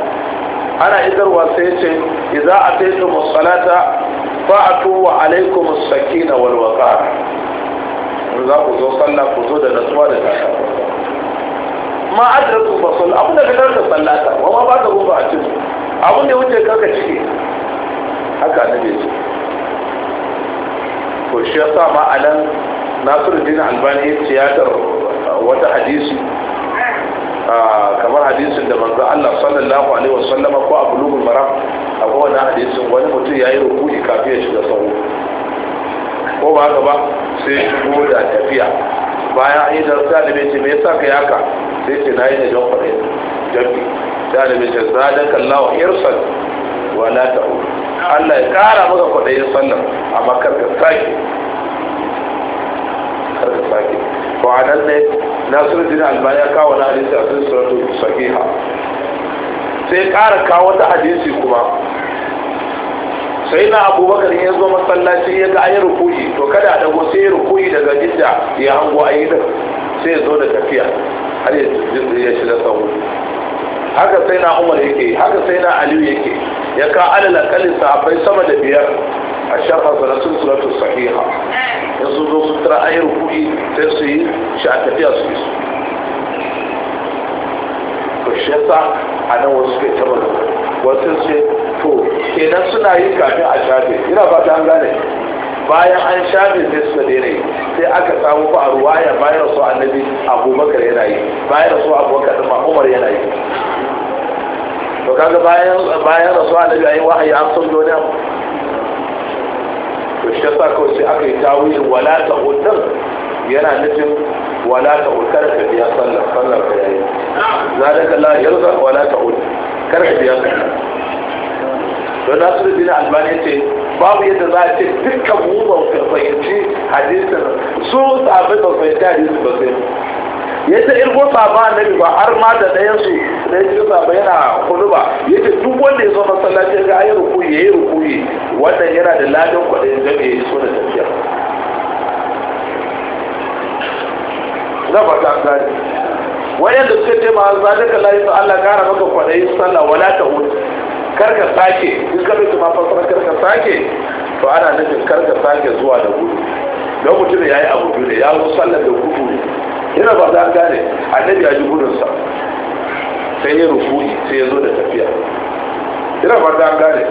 ana idarwa sai ce idza ataytum as musalata fa'atu wa alaykum as-sakina na walwaka. in za ku zo sallah ku zo da nasuwa da tasha ma adraku fa sall abun da kadar da sallata wa ma ba ta gufa a cikin Abin da wuce kaka ciki haka annabi ce Ko shi ya sa ma a nan. nasiru dina albani ya tiyatar wata hadisi kamar hadisin da manzo Allah sallallahu alaihi wasallama ko a bulugul maram akwai wani hadisin wani mutum ya yi rukuki kafin ya shiga sahu ko ba haka ba sai shigo da tafiya bayan an yi da salibe ce me yasa kai haka sai ce na yi da don fare jami salibe ce zadan kallahu irsan na ta'u? Allah ya kara maka kwadayin sallar amma kar ka sake da sake to a nan ne nasiruddin albani ya kawo na hadisi a cikin suratu ha sai ƙara kawo ta hadisi kuma sai na abubakar ya zo masallaci ya ga ayi rukuyi to kada a dago sai rukuyi daga jidda ya hango ayi da sai ya zo da tafiya har ya ya shiga sahu haka sai na umar yake haka sai na aliyu yake ya ka alala kalin sahabbai sama da biyar a shafa salatun salatu sahiha in sun zo sun tara ayar kuɗi sai su yi shi a tafiya su yi to shi yasa a nan wasu ke taɓa da wasu ce to kenan suna yi kafin a shafe ina ba ta an gane bayan an shafe sai suka daina yi sai aka samu ba a ruwaya bayan rasu annabi abubakar yana yi bayan rasu abubakar ɗin ma umar yana yi to kaga bayan rasu annabi ayi wahayi an san wani to shi yasa kawai sai aka yi tawilin wala ta hudun yana nufin wala ta hudun kada ka biya sallar sallar ka yayi zalika la yarda wala ta hudun kada ka biya sallar don nasiru bin albani ce babu yadda za a ce dukkan mu ba fahimci hadisin su sabbin ba fahimci hadisin ba sai ya ta irgo saba annabi ba har ma da ɗayan su da ya cikin saba yana kunuba ya ce duk wanda ya zo masallaci ga ayi rukuyi ya yi rukuyi wannan yana da ladan kwaɗayin game ya so da tafiya na fata gani wayanda suka ce ma ta la yasa Allah gara maka kwaɗayin sallah wala ta hudu karka sake in ka bai tuma fasara karka sake to ana nufin karka sake zuwa da gudu don mutum ya yi abu biyu ne ya zo sallar da gudu ne yana ba ta gane annabi ya ji gudunsa sai ya rufu sai ya zo da tafiya yana ba ta gane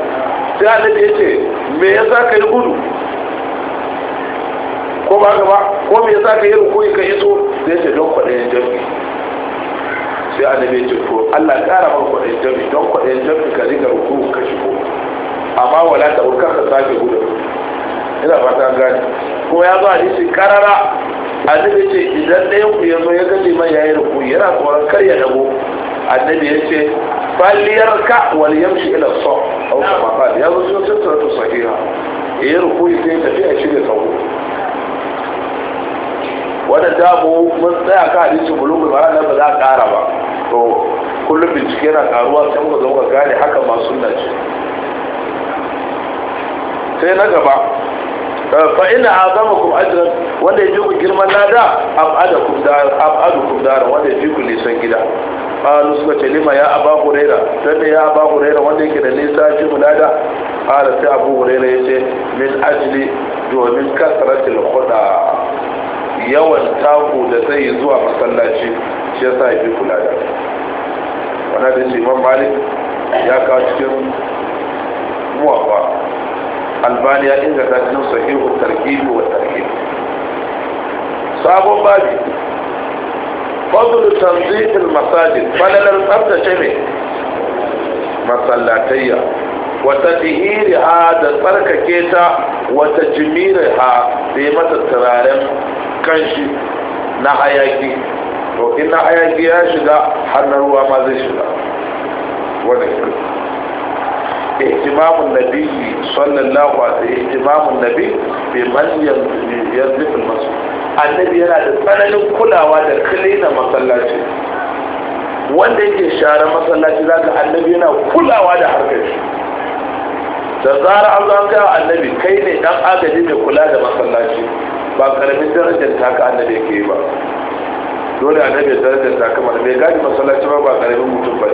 sai annabi ya ce me ya za ka yi gudu ko ba gaba ko me ya za ka yi rufu ka yi so sai ce don kwaɗayin jami sai annabi ya ce to allah ƙara ma kwaɗayin jami don kwaɗayin jami ka riga rufu ka shigo amma wala ta urkar ka sake gudu ina fata gane ko ya zo hadisi karara annabi ce idan ɗaya ku ya zo ya ga liman ya yi ruku yana tsoron kar ya dago annabi ya ce faliyar ka wani yamshi ila so a kama mafa ya zo cikin ta sahiha ya yi ruku sai tafiya shi shirya sauro wanda da mu mun tsaya ka hadisin ba na ba za a ƙara ba to kullum bincike na karuwa can ba zo muka gane haka masu sunna ce sai na gaba Eh, fa ina azamakum ajran wanda yaji ku girman am adakum dar abadukum dar wanda yaji ku nisan gida qalu suka ce lima ya aba huraira dan ya aba huraira wanda yake da nisa ji mu lada qala sai abu huraira yace min ajli domin kasratil khuda yawan taku da zai zuwa masallaci shi yasa yaji ku lada wannan da shi imam malik ya kawo cikin muwafa albani ya inganta cikin sahihu tarkibu wa tarkib sabon babi fadlu tanzihil masajid falalar tsabtace ne masallatayya wata tihiri ha da tsarkake ta wata jimiri ha da mata turaren kanshi na hayaki to ina hayaki ya shiga har na ruwa ma zai shiga wannan اهتمام النبي صلى الله عليه nabi bi man yanzu bil masjid annabi yana da tsananin kulawa da kaina masallaci wanda yake share masallaci zaka annabi yana kulawa da harkar shi da zara an zo an annabi kai ne dan agaji mai kula da masallaci ba karamin darajar taka annabi ke ba dole annabi darajar taka mana mai gadi masallaci ba ba karamin mutum ba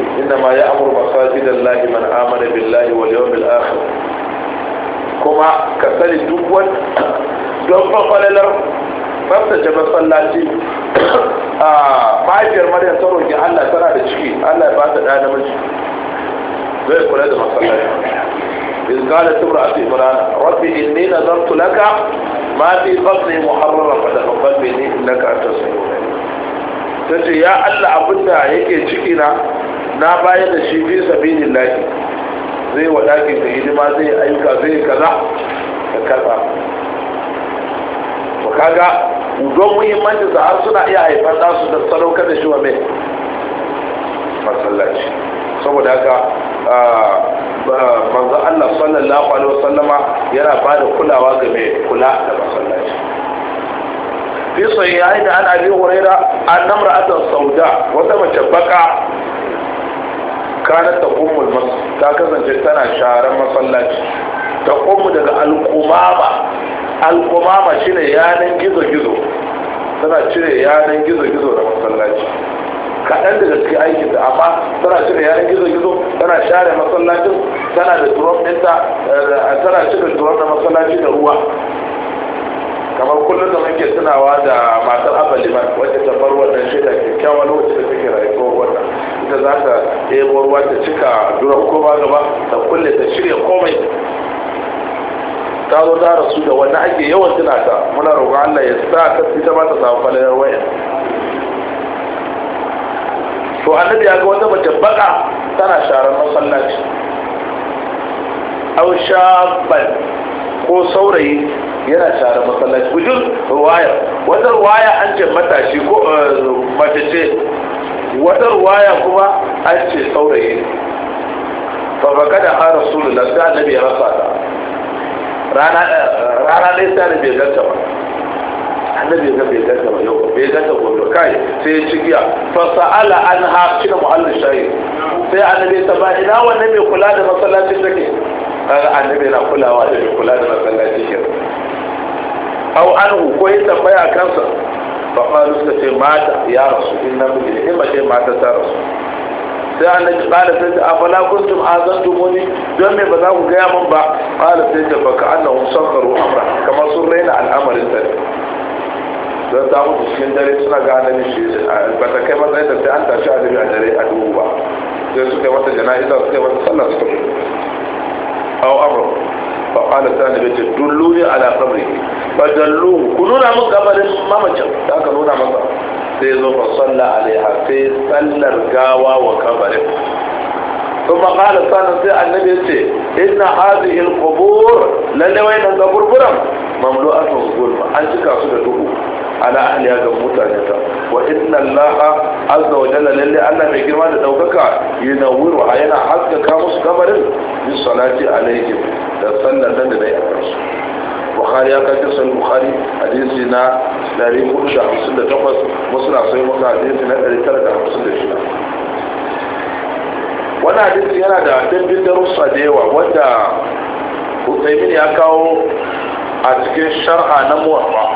إنما يأمر مساجد الله من آمن بالله واليوم الآخر كما كسل دوبون don kwakwalalar tsabtace masallaci a maryam ta roƙi allah tana da ciki allah ya ba ta ɗaya namiji zai kula da masallaci إذ قالت امرأة إمران رب إني نذرت لك ما في بطني محررا فتقبل مني إنك أنت السميع العليم ta ce ya allah abinda yake cikina na baya da shi fi sabilin lahi zai wa ɗakin da hidima zai ayyuka zai kaza da kaza ba kaga don muhimmanci sa har suna iya haifar da su da sadaukar da shi wa mai masallaci saboda haka manzo Allah sallallahu alaihi wasallama yana da kulawa ga mai kula da masallaci في صحيحين عن ابي هريره ان امراه wata mace baka. kanar ta ummul masu ta kasance tana sharan masallaci ta ummu daga alkumama alkumama shine yanan gizo-gizo tana cire yanan gizo-gizo da masallaci kaɗan daga cikin aikin da amma tana cire yanan gizo-gizo tana share masallacin tana da turon ɗinta eh, tana cire turon da masallaci da ruwa kamar kullum da muke tunawa da matar abaliman wacce ta bar wannan shida kyakkyawan lokaci da take rayuwa wannan ita za ta ɗebo ruwa ta cika ko ba gaba ta kulle ta shirya komai ta zo ta rasu da wannan ake yawan tuna ta muna roƙon Allah ya sa ta ita ba ta samu falalar waya to annabi ya ga wata mace baka tana sharar masallaci aw shabban ko saurayi yana share masallaci gujin ruwaya wata ruwaya an ce matashi ko uh, mace ce wata ruwaya kuma an ce saurayi fafaka da har rasulullah sai annabi ya rasa ta rana uh, ne sai annabi ya ganta ba annabi ya bai ganta ba yau bai ganta gobe kai sai ya ciki giya fa sa'ala anha kina mu'allin shayi sai annabi ta ba ina wannan mai kula da masallacin take kaga annabi yana kulawa da kula da masallaci ke aw anhu ko ya tambaya kansa fa qalu suka ce mata ya rasu inna bi ni'mati mata ta rasu sai annabi qala sai afala kuntum azantumuni don me ba za ku gaya min ba qala sai ta baka annahum sakaru amra kamar sun raina al'amarin sa don ta mutu cikin dare suna ga ni shi ba ta kai matsayin da sai an tashi a dare a duhu ba sai suka yi mata jana'iza suka yi mata sallah suka أو أمره فقال الثاني بيت دلوني على قبره فدلوه كنونا من قبل ما مجم ذاك نونا من قبل سيزو فصلى عليها سيسلر قاوى وقبره kuma kala sanin sai annabi ce inna hadhihi alqubur lalawai dan gaburburan mamlu'a ta gulma an cika su da duhu ala ahli ya ga mutane ta wa inna allaha azza wa jalla lalle allah mai girma da daukaka yana wuru a yana haskaka musu kamarin bi salati alayhi da sallan da dai bukhari ya kace sun bukhari hadisi na 158 musulma sai muka hadisi na 156 wani hadisi yana da dambin darussa da yawa wanda hutaimin ya kawo a cikin shar'a na muwaffa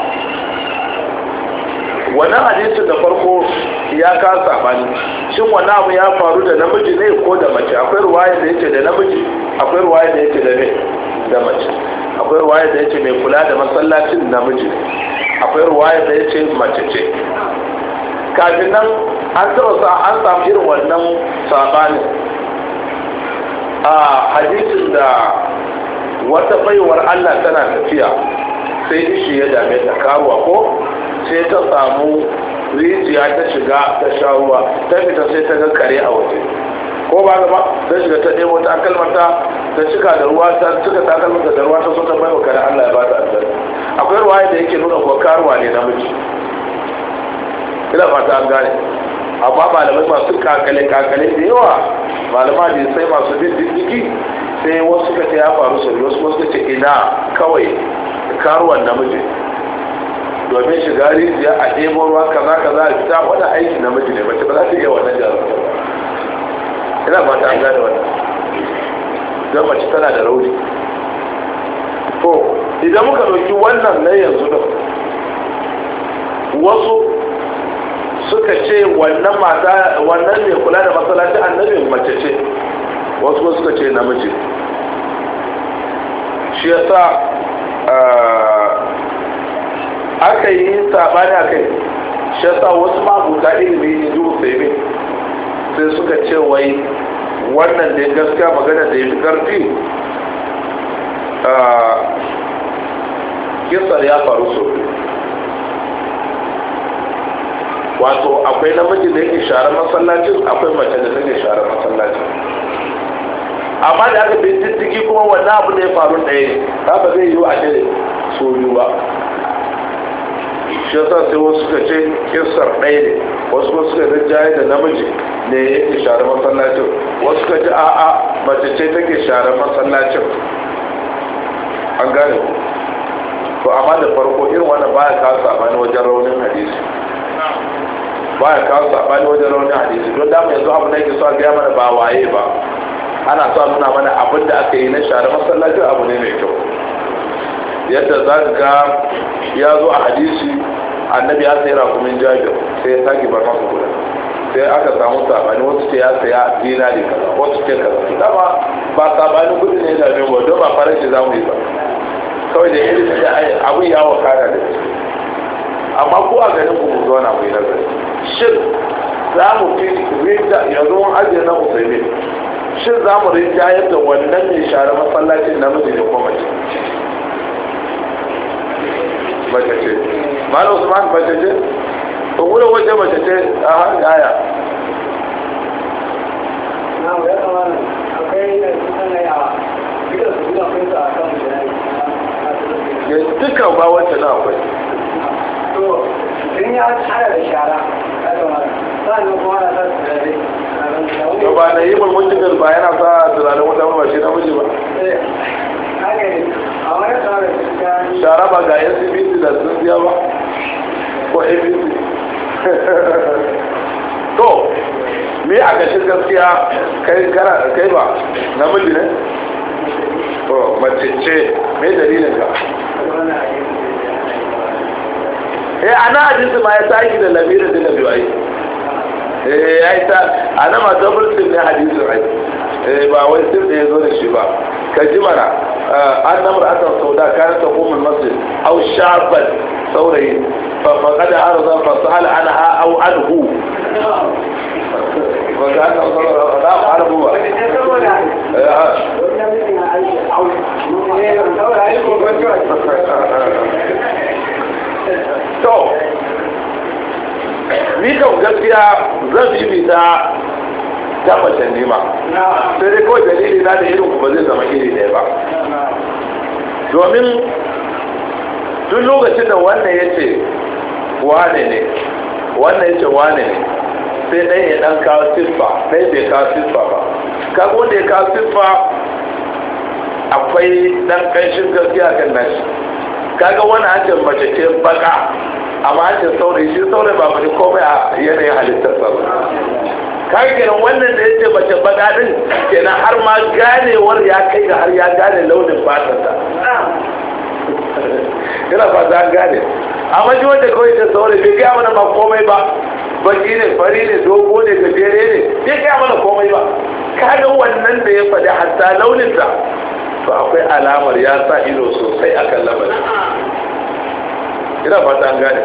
wani hadisi da farko ya kasa bani shin wani abu ya faru da namiji ne ko da mace akwai ruwaya da yake da namiji akwai ruwaya da yake da me da mace akwai ruwaya da yake mai kula da masallacin namiji akwai ruwaya da yake mace ce kafin nan an taba sa an samu irin wannan sabanin a hadisin da wata baiwar allah tana tafiya sai ishi ya dame ta karuwa ko sai ta samu rijiya ta shiga ta sha ruwa ta fita sai ta ga kare a waje ko ba zama ta shiga ta ɗebo wata kalmanta ta cika da ruwa ta cika ta kalmanta da ruwa ta so ta bai wa kare allah ya ba ta aljanna akwai ruwa da yake nuna ko karuwa ne namiji ina fata an gane amma malamai masu kakale kakale da yawa malama ne sai masu bin diddiki sai wasu suka ta ya faru su, wasu wasu ce ina kawai karuwan namiji domin shiga rijiya a ɗebo ruwa kaza kaza a fita wani aiki namiji ne mace ba za ta iya wannan jaru ina ba ta an gane wannan don mace tana da rauni Ko idan muka ɗauki wannan na yanzu da wasu suka ce wannan mata wannan mai kula da masallaci annabi mace ce wasu kuma suka ce namiji shi yasa eh, aka yi sabani kai, shi yasa wasu mabuta ilimi ji duk sai suka ce wai wannan da gaskiya magana da ya fi karfi eh, kisar ya faru sau wato akwai namiji da yake share masallacin akwai mace da take share masallacin amma da aka bi diddigi kuma wani abu da ya faru ɗaya ne ba ba zai yi wa ake so biyu ba shi yasa sai wasu suka ce kisar ɗaya ne wasu kuma suka ce jaye da namiji ne yake share masallacin wasu suka ce a'a mace ce take share masallacin an gane ko amma da farko irin wannan baya kasa bani wajen raunin hadisi ba ya kawo sabani wajen rauni hadisi don damu yanzu abu na yake so a gaya mana ba waye ba ana so nuna mana abin da aka yi na share masallaci abu ne mai kyau yadda za ga ya zo a hadisi annabi ya sayi rakumin jabir sai ya sake bar masa kudin sai aka samu sabani wasu ce ya saya dinari kaza wasu ce kaza dama ba sabani kudin ne da mai wato ba farashi za mu yi ba kawai da irin da abin ya wakana da shi amma ko a ganin ku mu zauna mu yi nazari shin za mu fi rinta yanzu mun ajiye na musulmi shin za mu rinta yadda wannan mai share masallacin namiji ne ko mace mace ce usman mace ce to wurin waje mace ce a hannun aya ya duka ba wacce na akwai to in ya da shara kuma na sa turare to ba na yi mulmuncin da ba yana sa tunanin wata ba shi na miji ba shara ba ga ncbc da sun siya ba ko abc [laughs] to me a gashin gaskiya kai gara kai ba ne to mace ce me dalilin ka أنا أجلس ما يساعي كده الأميرة دي نبي وعيه أيسا أنا ما تبرت من حديث وعيه ما ويسر دي يزور الشباب كجمرة أنا مرأة السوداء كانت تقوم المسجد أو شعبا ثوري فقد أرضا فصحل عنها أو عنه وقال انا صار انا عارفه to ni kan gaskiya zan fi bisa ta macen nima sai dai kawai dalili na da irin ba zai zama iri ɗaya ba domin tun lokacin da wannan ya ce wane ne wannan ya ce wane ne sai ɗan ya ɗan kawo siffa ɗan bai kawo siffa ba kago da ya kawo siffa akwai ɗan ƙanshin gaskiya kan nashi kaga wani ake mace ce baka amma ake saurayi shi saurayi ba bane komai a yanayin halittar ba kaga kenan wannan da yake mace baka din kenan har ma ganewar ya kai ga har ya gane launin fatar ta yana ba za gane amma ji wanda kawai ta saurayi bai gaya mana ma komai ba baki ne fari ne dogo ne gajere ne bai gaya mana komai ba kaga wannan da ya faɗi hatta ta. to akwai alamar ya sa ido sosai akan lamarin ina fata an gane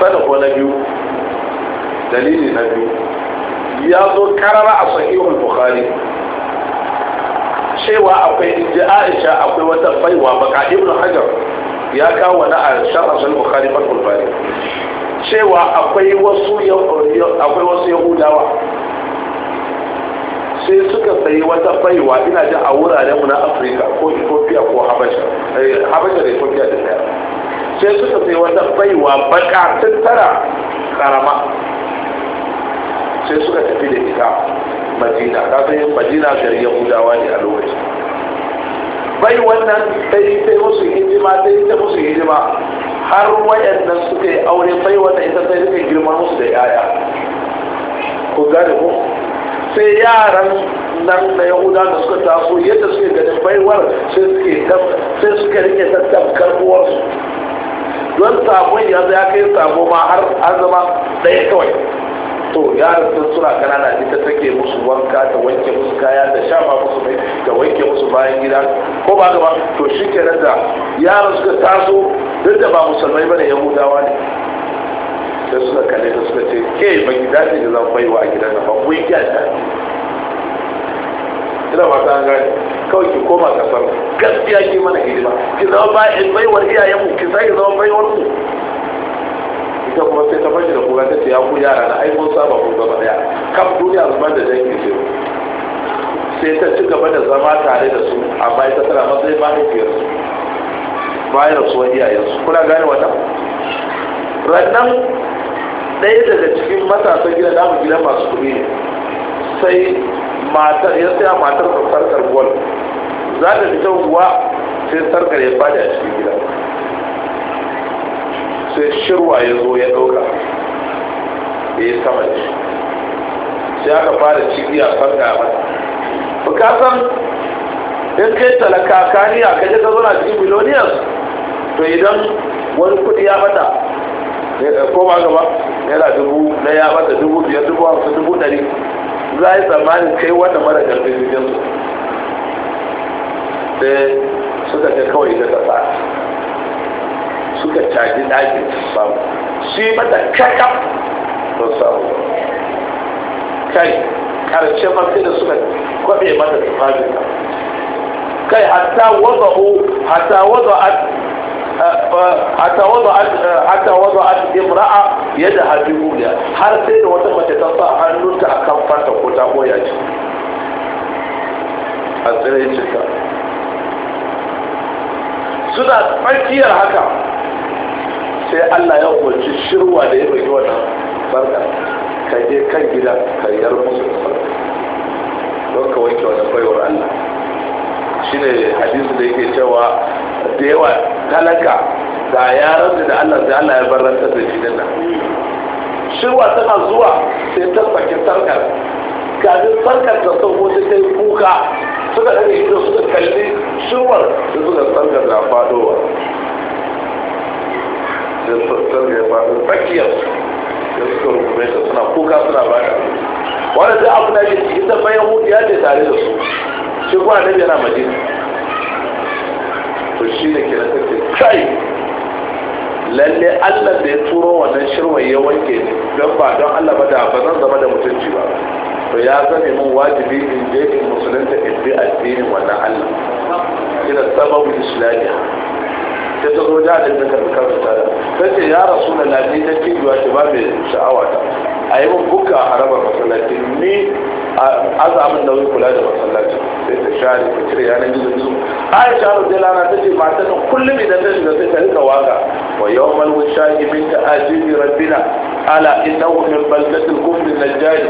sanin ko na biyu dalili na biyu ya zo karara a sahihul bukhari cewa akwai inji aisha akwai wata baiwa baka ibn hajar ya kawo wani a sharhasar bukhari fatul bari cewa akwai wasu yahudawa sai suka sayi wata baiwa ina jin a wurarenmu na afirka ko ethiopia ko habasha eh, habasha da ethiopia da daya sai suka sayi wata baiwa baka tara karama sai suka tafi da ita madina ka san madina gari yahudawa ne a lokacin bai wannan sai sai musu hidima sai ta musu hidima har wayannan suka yi aure bai wannan ita sai suka girma musu da yaya ku gane ko sai yaran nan na yahuda da suka taso yadda suke ganin baiwar sai suke rike ta tamkar uwarsu don sabon ya ya kai sabo ma har zama ɗaya kawai to yaran sun suna kanana ita take musu wanka ta wanke musu kaya da shafa musu mai ta wanke musu bayan gida ko ba gaba to shi kenan da yaran suka taso duk da ba musulmai bane yahudawa ne da suka kalle da suka ce ke ba ki dace da zan baiwa a gidan nan ba ku yi kyanta ina ba ta gane kawai ki koma kasar gaskiya ke mana hidima ki zama ba in eh, baiwar iyayenmu ki sake zama baiwar mu ita kuma sai ta fashi da kuka ta ce ya ku yara na ai mun saba mun zama daya kam duniya zama da dangi ce sai ta ci gaba da zama tare da su amma ita tana matsayin mahaifiyarsu bayan rasuwar iyayensu kuna gane wannan rannan ɗaya daga cikin matasan gidan namu gida masu kuɗi ne sai matar ya saya matar da sarkar gwal za ta fita kuwa sai sarkar ya fada cikin gida sai shirwa ya zo ya ɗauka ya yi sama da shi sai aka fara ciki a farka a mata bukatan in kai talaka kaniya kaje ka zo na cikin miloniyar to idan wani kuɗi ya mata Eh, ko ba gaba yana dubu na ya mata dubu biyar dubu hamsin dubu ɗari za a yi tsammanin kai wannan mara karfin jikin su sai eh, suka ce kawai ita ta suka caji ɗakin samu shi mata kakaf ba samu kai karshe mafi da suka kwabe mata tufafin kai hatta wadda hatta wadda hatta wada'at hatta wada'at imra'a yadaha bi uliya har sai da wata mace ta sa hannunta akan fata ko ta koya ce a tsiraicinta suna tsakiyar haka sai Allah ya umarci shirwa da ya bai wannan barka ka je kan gida ka yar musu da farko don ka wanke wani baiwar Allah shine hadisi da yake cewa da yawa talaka da ya rantsa da Allah da Allah ya bar rantsa da shi dinnan shirwa tana zuwa sai ta saki sarkar kafin sarkar ta sauko sai ta kai kuka suka ɗaga ido suka kalli shirwar da suka sarkar na faɗowa da sarkar ya faɗo tsakiyar da suka rungume shi suna kuka suna ba da wanda duk abu na shi ita bayan hudu ya ce tare da su shi kuma annabi yana madina to shi ne ke na kai lalle allah da ya turo wannan shirwar ya wanke ni don ba don allah ba da ba zan zama da mutunci ba to ya zame mun wajibi in je in musulunta in bi addinin wannan allah ila sababin islamiya ta ta zo da da ta karbi ta da sai ce ya rasu da lafi ta kijuwa ce ba mai sha'awa ta a yi min buka a harabar masallaci ni aza azamin nauyin kula da masallaci sai ta share ta cire yanar gizo gizo aisha rajulana ta ce mata nan kullum idan ta shiga sai ta rika waka wa yau yawmal wishaqi min ta'ajibi rabbina ala innahu min baldatil kufr najjari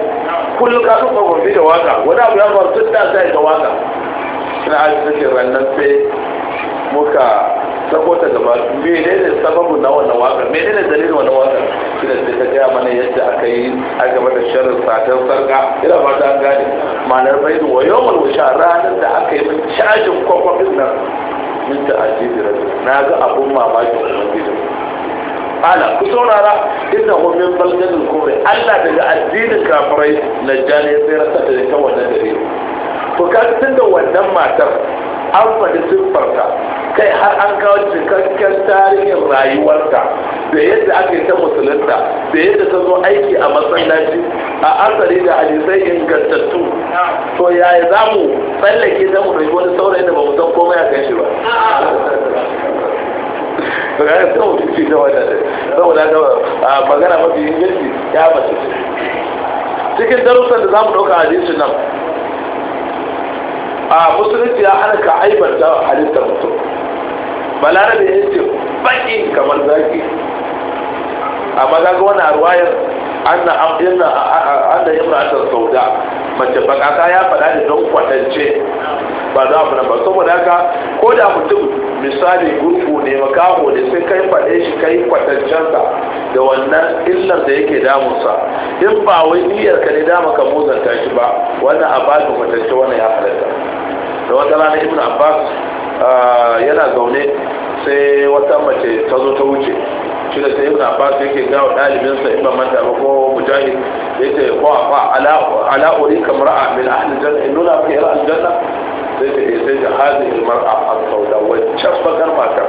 kullum ka tuka gobe da waka wani abu ya faru tun da sai ka waka ina aji ta ce rannan sai muka sako ta gaba ne sababu na wannan waka ne dalilin wannan waka kina sai ta gaya mana yadda aka yi a gaba da sharrin satar sarka ina ba ta gane ma'anar da wayo mun wuce ranar da aka yi min cajin din nan min ta ajibi na ga abun mamaki a ubangiji ala ku saurara inna hu min balgadil kufri Allah daga addinin kafirai na ya tsira ta da ta wannan dare to ka tunda wannan matar an faɗi siffarta kai har an kawo cikakken tarihin rayuwarta da yadda aka yi ta musulunta da yadda ta zo aiki a masallaci a asali da hadisai ingantattu to yaya za mu tsallake ta mu ɗauki wani saurayi da ba mu san komai a kan shi ba a musulunci ya hana ka aibanta halittar mutum da ya ce baki kamar zaki amma ga ga wani arwayar anna abdinna anna imra'atul sauda mace baka ta ya faɗa da don kwatance ba za mu ba saboda haka ko da mutum misali gurgu ne makaho ne sai kai faɗe shi kai kwatancensa da wannan illar da yake damunsa in ba wai niyyar ka ne dama ka muzanta shi ba wannan a ba kwatance wannan ya halatta da wata rana ibn abbas yana zaune sai wata mace ta zo ta wuce shi da sai ibn abbas yake gawa ɗalibinsa in ban manta ba ko mujahid yace ko fa ala ala kamar a min ahli janna in nuna fi ahli aljanna sai ta sai ta ilmar mar'a as da wa chasfa matar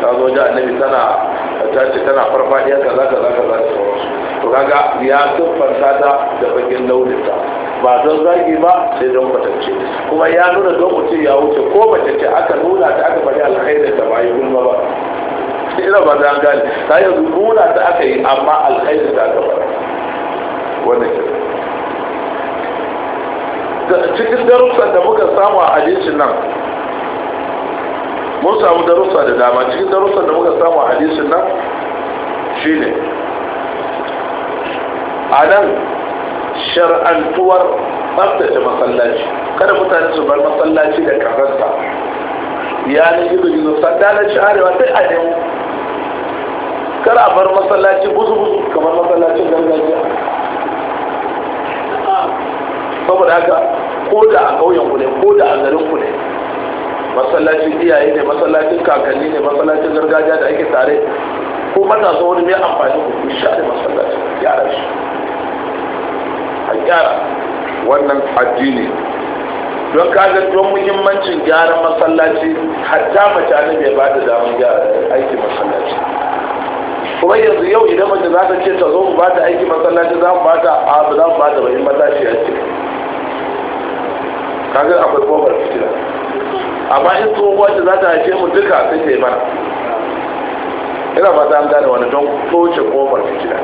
ta zo ji annabi tana ta ce tana farfadiya kaza kaza kaza sauran su to kaga ya siffanta ta da launin launinta ba don zagi ba sai don kwatance kuma ya nuna don mutum ya wuce ko mace ce aka nuna ta aka faɗi alkhairin da ba yi gulma ba ina ba za gane ta yanzu nuna ta aka yi amma alkhairin da aka faɗi wannan cikin darussan da muka samu a hadisin nan mun samu darussa da dama cikin darussan da muka samu hadisin nan shi ne. a nan shar'antuwar tsaftace masallaci kada mutane su bar masallaci da kazanta yanar gizo gizo sandalar sharewa sai a nemo kada a bar masallaci buzu buzu kamar masallacin gargajiya saboda haka ko da a ƙauyen ku ne ko da a garin ku ne masallacin iyaye ne masallacin kakanni ne masallacin gargajiya da ake tare ko matasa wani mai amfani ku share masallacin gyara shi a gyara wannan addini don kaga don muhimmancin gyaran masallaci hatta mutane bai ba da damar gyara aiki masallaci kuma yanzu yau idan mace za ta ce ta zo ba ta aiki masallaci za mu ba ta a za mu ba ta bayan matashi ya ce kaga akwai kofar fitila amma in tsohuwa ce za ta haife mu duka a ta yi mana ina ba ta gane wani don toce kofar fitina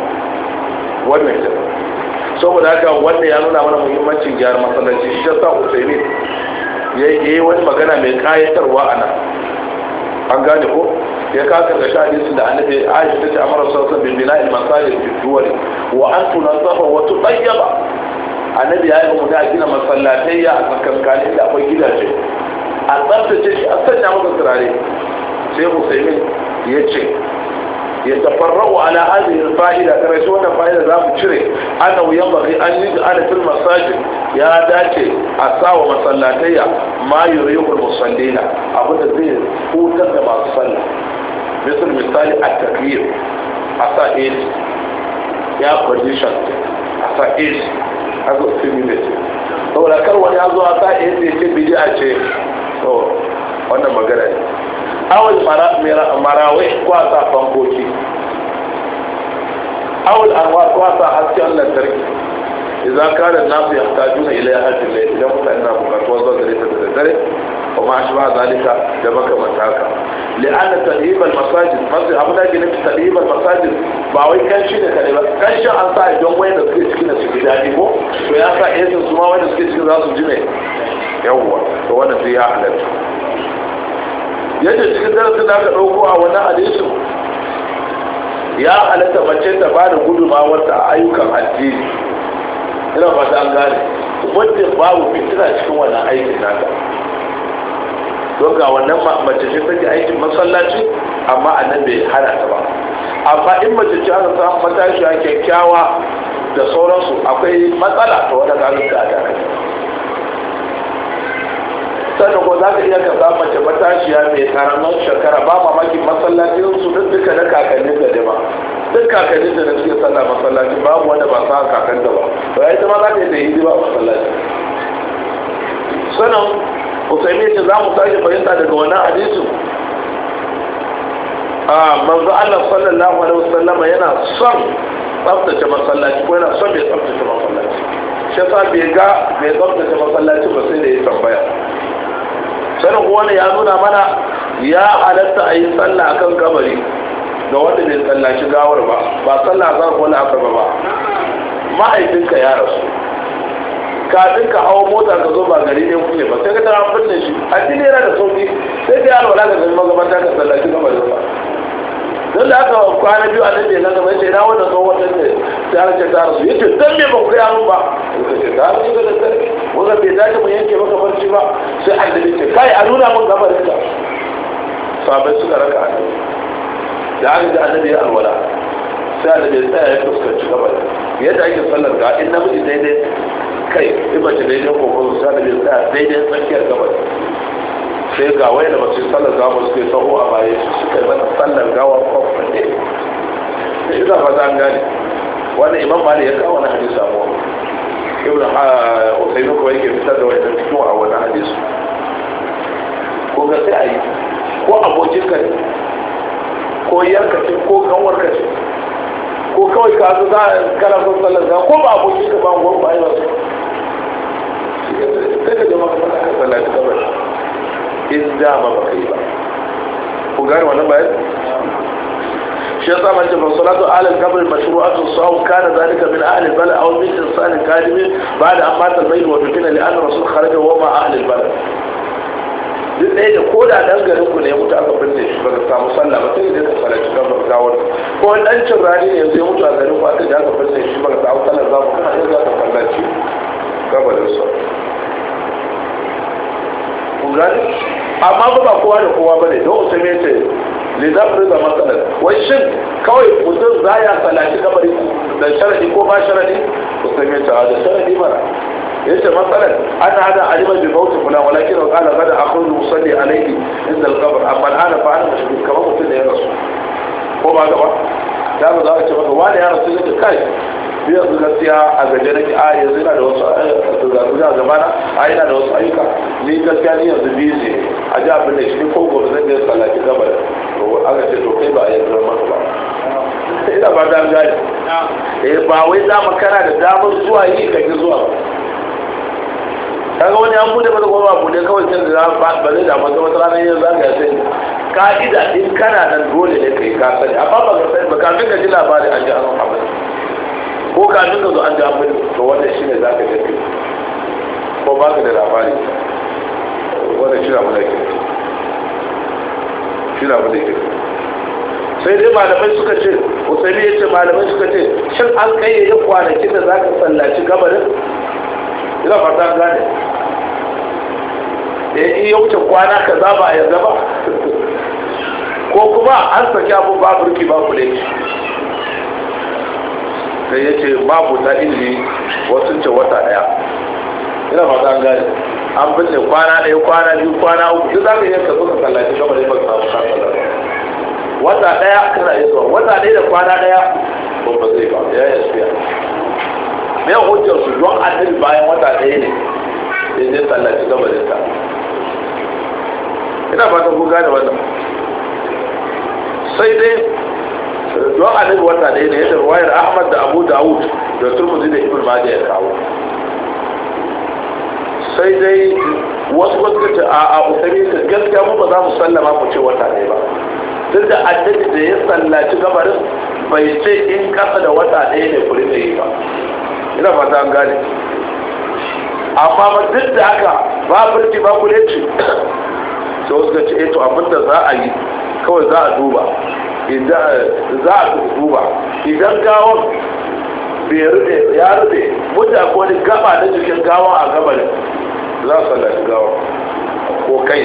wannan ke saboda haka wannan ya nuna mana muhimmancin gyara masallaci shi yasa usaini ya yi wani magana mai kayatarwa a nan an gane ko ya kaka da shadi da annabi aisha ce amara sallallahu alaihi bina al masajid fi duwali wa an tunasafa wa tudayyaba annabi ya yi mu da gina masallatai ya a tsakankanin da akwai gidaje a tsaftace shi a sanya masa turare sai usaimin ya ce ya tafarra'u ala hadhihi fa'ida ta shi wannan fa'ida za mu cire ana wuyan baki an yi da fil masajin. ya dace a sawa masallatayya ma yuriyul musallina da zai hutar da masu sallah misal misali a takbir a sa AC ya condition a sa AC a zo stimulate saboda kar wani ya zo a sa AC ce bidi a ce to wannan magana ne awul marawai kwasa fankoki awul anwar kwasa hasken lantarki idan kare nasu ya ta juna ilai hajji ne idan mutane na bukatuwar zuwa da ita da ko kuma shi ba zalika da makamanta haka li'anna tadhibal masajid masjid abu da ke nufi tadhibal masajid ba wai kanshi ne kare ba kanshi an sa idan da suke cikin da su ji ko to ya sa esin su ma da suke ciki za su ji ne yawwa to wannan sai ya halatta yadda cikin darasin da aka ɗauko a wani hadisin ya halatta mace ta ba da guduma a ayyukan addini ina fata an gane wanda babu fitina cikin wannan aikin naka don ga wannan mace ce take aikin masallaci amma annan bai hana ta ba amma in mace ce aka samu matashi a kyakkyawa da sauransu akwai matsala ta wadda ga ta a sannan ko za ka iya ka samu mace matashiya mai karamin shekara ba mamakin masallacin su duk duka na kakannin da dama, duk kakannin da na suke sallah masallaci ba wanda ba sa kakan da ba ba ya ita ma za ka yi da hidima masallaci sannan usaimi ce za mu sake fahimta daga wannan hadisin a manzo Allah sallallahu alaihi wasallam yana son tsaftace masallaci ko yana son bai tsaftace masallaci shi yasa bai ga bai tsaftace masallaci ba sai da ya tambaya sanin wani ya nuna mana ya halatta a yi sallah akan kabari da wanda bai shi gawar ba ba sallah za ko a asaba ba ma'aikinka ya rasu kafin ka hau mota ka zo ba gari ne kuke ba sai ka tara fitne shi addini yana da sauki sai ka yi alwala ka zama gabata ka sallaci kabarin ba don da aka kwana biyu a nan ne na gaba ce na wannan tsohon wata ne ta harce ta rasu yake don me ba ku yaro ba ta ce ka rasu wanda bai dace mu yanke maka barci ba sai annabi ce kai a nuna mun gabarin ta sabai suka raka nan da aka ji annabi ya alwala sai annabi ya tsaya ya fuskanci gabarin yadda ake sallar ga in namiji daidai kai in mace daidai ko kuma sai annabi ya tsaya daidai tsakiyar gabarin sai ga wai da basu sallar gawa suke taho a baye su suka yi mana sallar gawa kwamfan ne da shi zafa an gane wannan imam mali ya kawo wani hadisi a mawa ibn ah, usaimu kuma yake fitar da wani cikin a wani hadisu. ko ga sai a yi ko abokin ka ko yarka ce ko kanwar ka ce ko kawai ka zo za a kana son sallar gawa ko ba abokin ka ba gwamnati ba yi wasu sai ka jama'a ka sallar gawa in dama ba kai ba ku gane wannan bayan shi yasa man ce fasalatu alal qabr mashru'atu saw kana zalika min ahli bal aw min insan kadim ba'da an mata zaid wa dukina li anna rasul kharaja wa ma ahli bal duk ɗaya da ko da ɗan garin ku ne ya mutu aka binne shi ba ka samu sallah ba sai dai ka salaci kan ba ga wani ko ɗan cin rani ne sai mutu a garin ku aka ji aka binne shi ba ka samu sallah za mu kana sai za ka sallaci gabanin sa kun gani amma ba kowa da kowa bane don usman yace li zabri da matsalar. wai shin kawai mutum za ya salati kabari da sharadi ko ba sharadi usman yace da sharadi bara yace matsalar ana hada aliman bi bauti kula walakin qala gada akhudhu musalli alayhi inda al-qabr amma ana fa da mushrik kamar mutum da ya rasu ko ba gaba da ba za a ce maka wani ya rasu zai kai sai yanzu gaskiya a gaje nake a yanzu ina da wasu ayyuka eh, zirga gaba na a ina da wasu ayyuka ni gaskiya ni yanzu busy a ji abin da shi ko gobe zan je tsallaki gaba da aka ce to kai ba a yanzu ba ba [laughs] ina ba da gani eh ba wai za mu kana da damar zuwa yi ka ji zuwa kaga wani an bude masa goma bude kawai sai da ba zai da ta wata ranar yanzu zaka sai ka'ida in kana nan dole ne kai ka sani amma ba ka sani ba kafin ka ji labarin an ji an abin ko ka duka zo an damu to wannan shi ne za ka gaske ko ba ka da labari wannan shi na da ke shi na da ke sai dai malamai suka ce usaimi ya ce malamai suka ce shin an kayyade kwanakin da za ka tsallaci gabarin ina fata gane eh, in yau ta kwana ka za ba a yanzu ba [laughs] ko kuma an saki abin ba burki ba kule sai ya ce babu ta ilimi wasu ce wata daya ina fata an gane an binne kwana ɗaya kwana biyu kwana uku duk zaka yi iya ka zo ka kallaci gaba ne ba ka samu kallaci wata ɗaya kana iya zuwa wata ɗaya da kwana ɗaya ko ba zai ba ya yi suya me hujjar su don annabi bayan wata ɗaya ne sai zai kallaci gaba ne ta ina fata ku gane wannan sai dai don annabi wata da ne da ruwayar ahmad da abu dawud da turmuzi da ibn madi ya kawo sai dai wasu wasu ta a a usami ta gaskiya mu ba za mu sallama mu ce wata ɗaya ba duk da annabi da ya sallaci gabarin bai ce in kasa da wata ɗaya ne kuri da yi ba ina fata an gane amma ba duk da haka ba birki ba kuleci sai wasu ga ce eh, to abinda za a yi kawai za a duba za a duba idan gawon ya rube mutu ko wani gaba na jikin gawon a gabarin za su lafi gawon, ko kai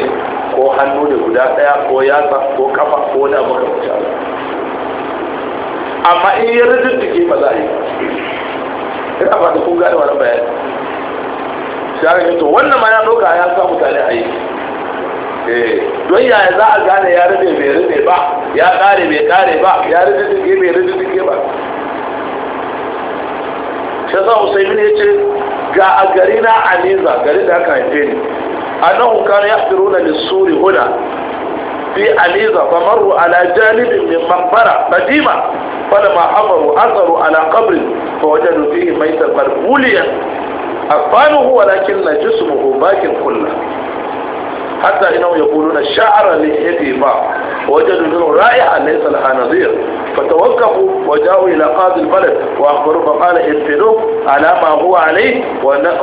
ko hannu da guda daya ko yatsa ko kafa ko na maka mace amma in yi rubin jiki ba za a yi ina ba da kun gane wani bayan shi aka to wannan ma ya ɗauka ya sa mutane a yi Eh, don ya za a gane ya rube mai rube ba ya kare mai kare ba ya rube duke mai rube duke ba shi za a ya ce ga a gari na aliza gari da aka haife ni. A an hukar ya firo na suri huda fi aliza ba maru ala janibin min mambara badima fada ma amaru azaru ala kabrin ba wajen rufi mai tabar buliyan a fanuhu walakin na jisumu ba bakin kulla hatta ina ya kulu na sha'ara ne ya fi ba wajen dukkan ra'iha ne salaha nazir فتوقفوا وجاءوا إلى قاضي البلد وأخبروا فقال اتفلوا على ما هو عليه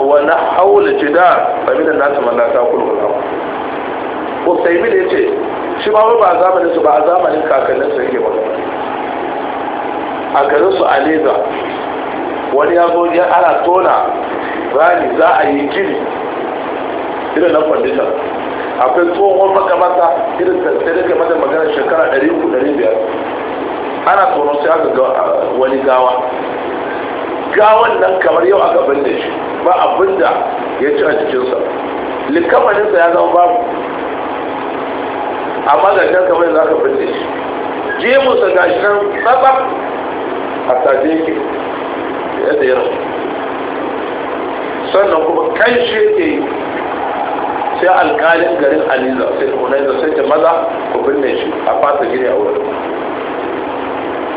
ونحوا الجدار فمن الناس من لا تأكله الأرض Usaimin ya ce, shi ba ba zamanin su ba a zamanin kakannin su yake magana. A garin su Aleza, wani ya zo ya ana tona rani za a yi gini, irin na kwandishan akwai tsohon makamata irin tattare game da magana shekara 300 biyar. ana tsoron sai aka ga ah, wani gawa gawan nan kamar yau aka bane shi ba abin da ya ci a jikinsa likamaninsa ya zama babu amma magajen can kamar za ka binne shi jimusa ga shi nan tsaba a tafi yake yadda ya rasu sannan kuma kan shi yake yi sai alkalin garin aliza sai unaiza sai ta maza ku binne shi a fata gini a wurin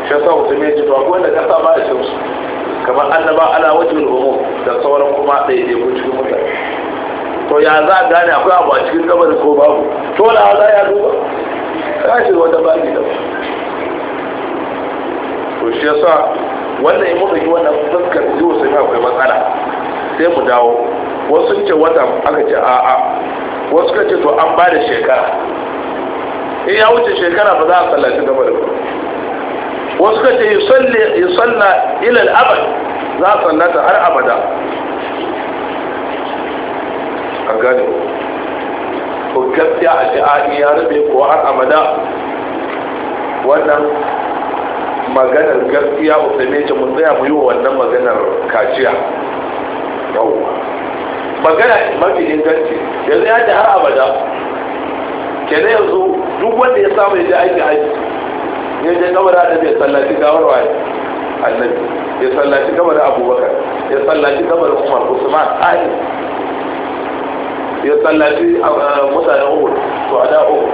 shi yasa wasu mai ji to akwai ka saba ba a cikin kamar annaba ala wajen rumu da sauran kuma ɗaiɗai ko cikin mutane to ya za a gane akwai abu a cikin gabar ko babu to da za ya duba ka shi wata baki da to shi sa wannan yi mutu yi wannan fuskar zuwa sai akwai matsala sai mu dawo wasu ce wata aka ce a'a wasu ka ce to an ba da shekara in ya wuce shekara ba za a sallaci gaba da wasu ka ce yi salla ilal abad za a sallata har abada a gane ko gaskiya a ce a ya rabe ko har abada wannan maganar gaskiya usame ce mun tsaya mu yi wa wannan maganar kaciya yawwa magana mafi inganci yanzu ya ce har abada Ke na yanzu duk wanda ya samu ya je aiki ya je kamar da bai sallaci gawar wa annabi ya sallaci kamar abubakar ya sallaci kamar umar usman ali ya sallaci uh, mutane uhud to a da uhud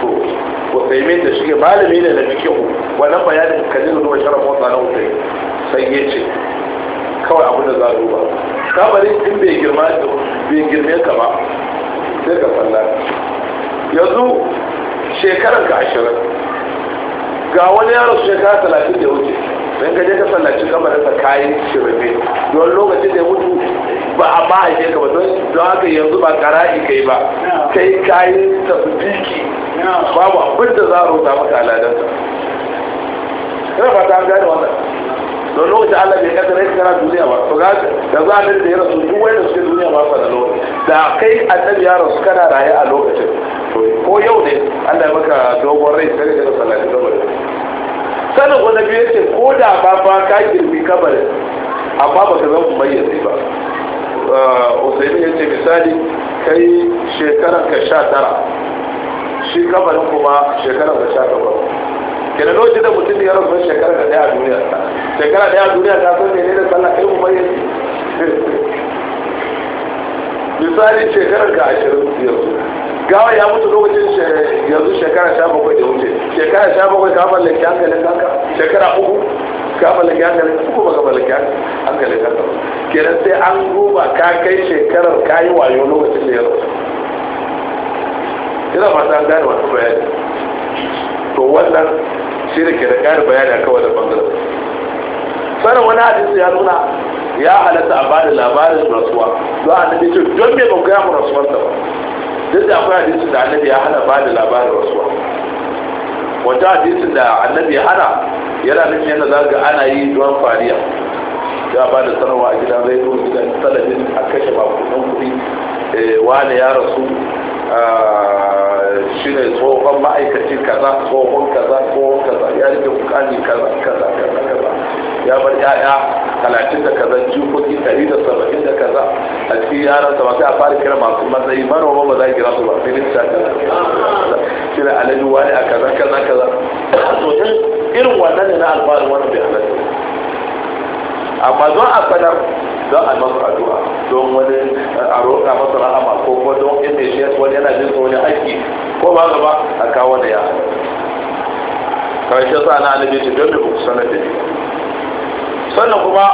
to ko sai mai da shige malami ne da fikihu wannan bayanin kalilun wa sharafin tsanan wutai sai ya ce kawai abin da za a duba kabarin in bai girma bai girme ka ba sai ka falla yanzu shekarar ka ashirin ga wani yaro shekara talatin da wuce don gaje ka sallaci kamarin sa kayan shirme don lokacin da ya mutu ba a ba a ka ba don haka yanzu ba kara'i kai ba kai kayan tasbiki babu abin da za a rubuta maka aladansa ina fata an gane wannan don lokaci Allah bai kaddara yake kana duniya ba to ga da za a da ya rasu duk wanda suke duniya ba da lokaci da kai annabi ya rasu kana raye a lokacin ko yau ne Allah ya maka dogon rai sai ka sallaci kabarin sanin wani biyu ce ko da ba ba ka girbi kabarin amma ba ka zama bayyana ba uh, usaimi ya ce misali kai shekarar ka sha tara shi kabarin kuma shekarar ka sha kabarin kenan lokacin da mutum ya rasu shekara da daya a duniya shekara daya a duniya ta san ne da sallah kai mu bayyana misali shekarar ka ashirin yanzu gawa ya mutu lokacin yanzu shekara sha bakwai da wuce shekara sha bakwai ka mallaki hankalin kanka shekara uku ka mallaki hankalin kanka ko ka mallaki hankalin kanka kenan sai an duba ka kai shekarar ka yi wayo lokacin da ya rasu ina fata an gane wasu bayani to wannan shi da ke da ƙarin bayani a kawai da bangaren sanin wani hadisi ya nuna ya halatta a bada labarin rasuwa don annabi ce don me ban gaya mu rasuwarsa ba duk da akwai hadisi da annabi ya hana bada labarin rasuwa wata hadisi da annabi ya hana yana nufin yana za ana yi don fariya ya ba da sanarwa a gidan rediyo gidan talabijin a kashe bakon kuɗi eh, wane ya rasu shi ne tsohon ma'aikacin kaza tsohon kaza tsohon kaza ya rike bukani kaza kaza kaza kaza ya bar ya'ya talatin da kaza jikoki ɗari da saba'in da kaza a cikin yaran sa sai a fara kira masu matsayi manoma ba za a kira su ba minista kaza shi ne alaji wani a kaza kaza kaza to irin wannan ne na alfahari wani bai halatta amma don a sanar don a masu addu'a don wani a roƙa masu rahama ko kuma don inda shi wani yana jin wani aiki ko ba gaba a kawo da ya karshe sa na alibi ce don da ku sanar da ni sannan kuma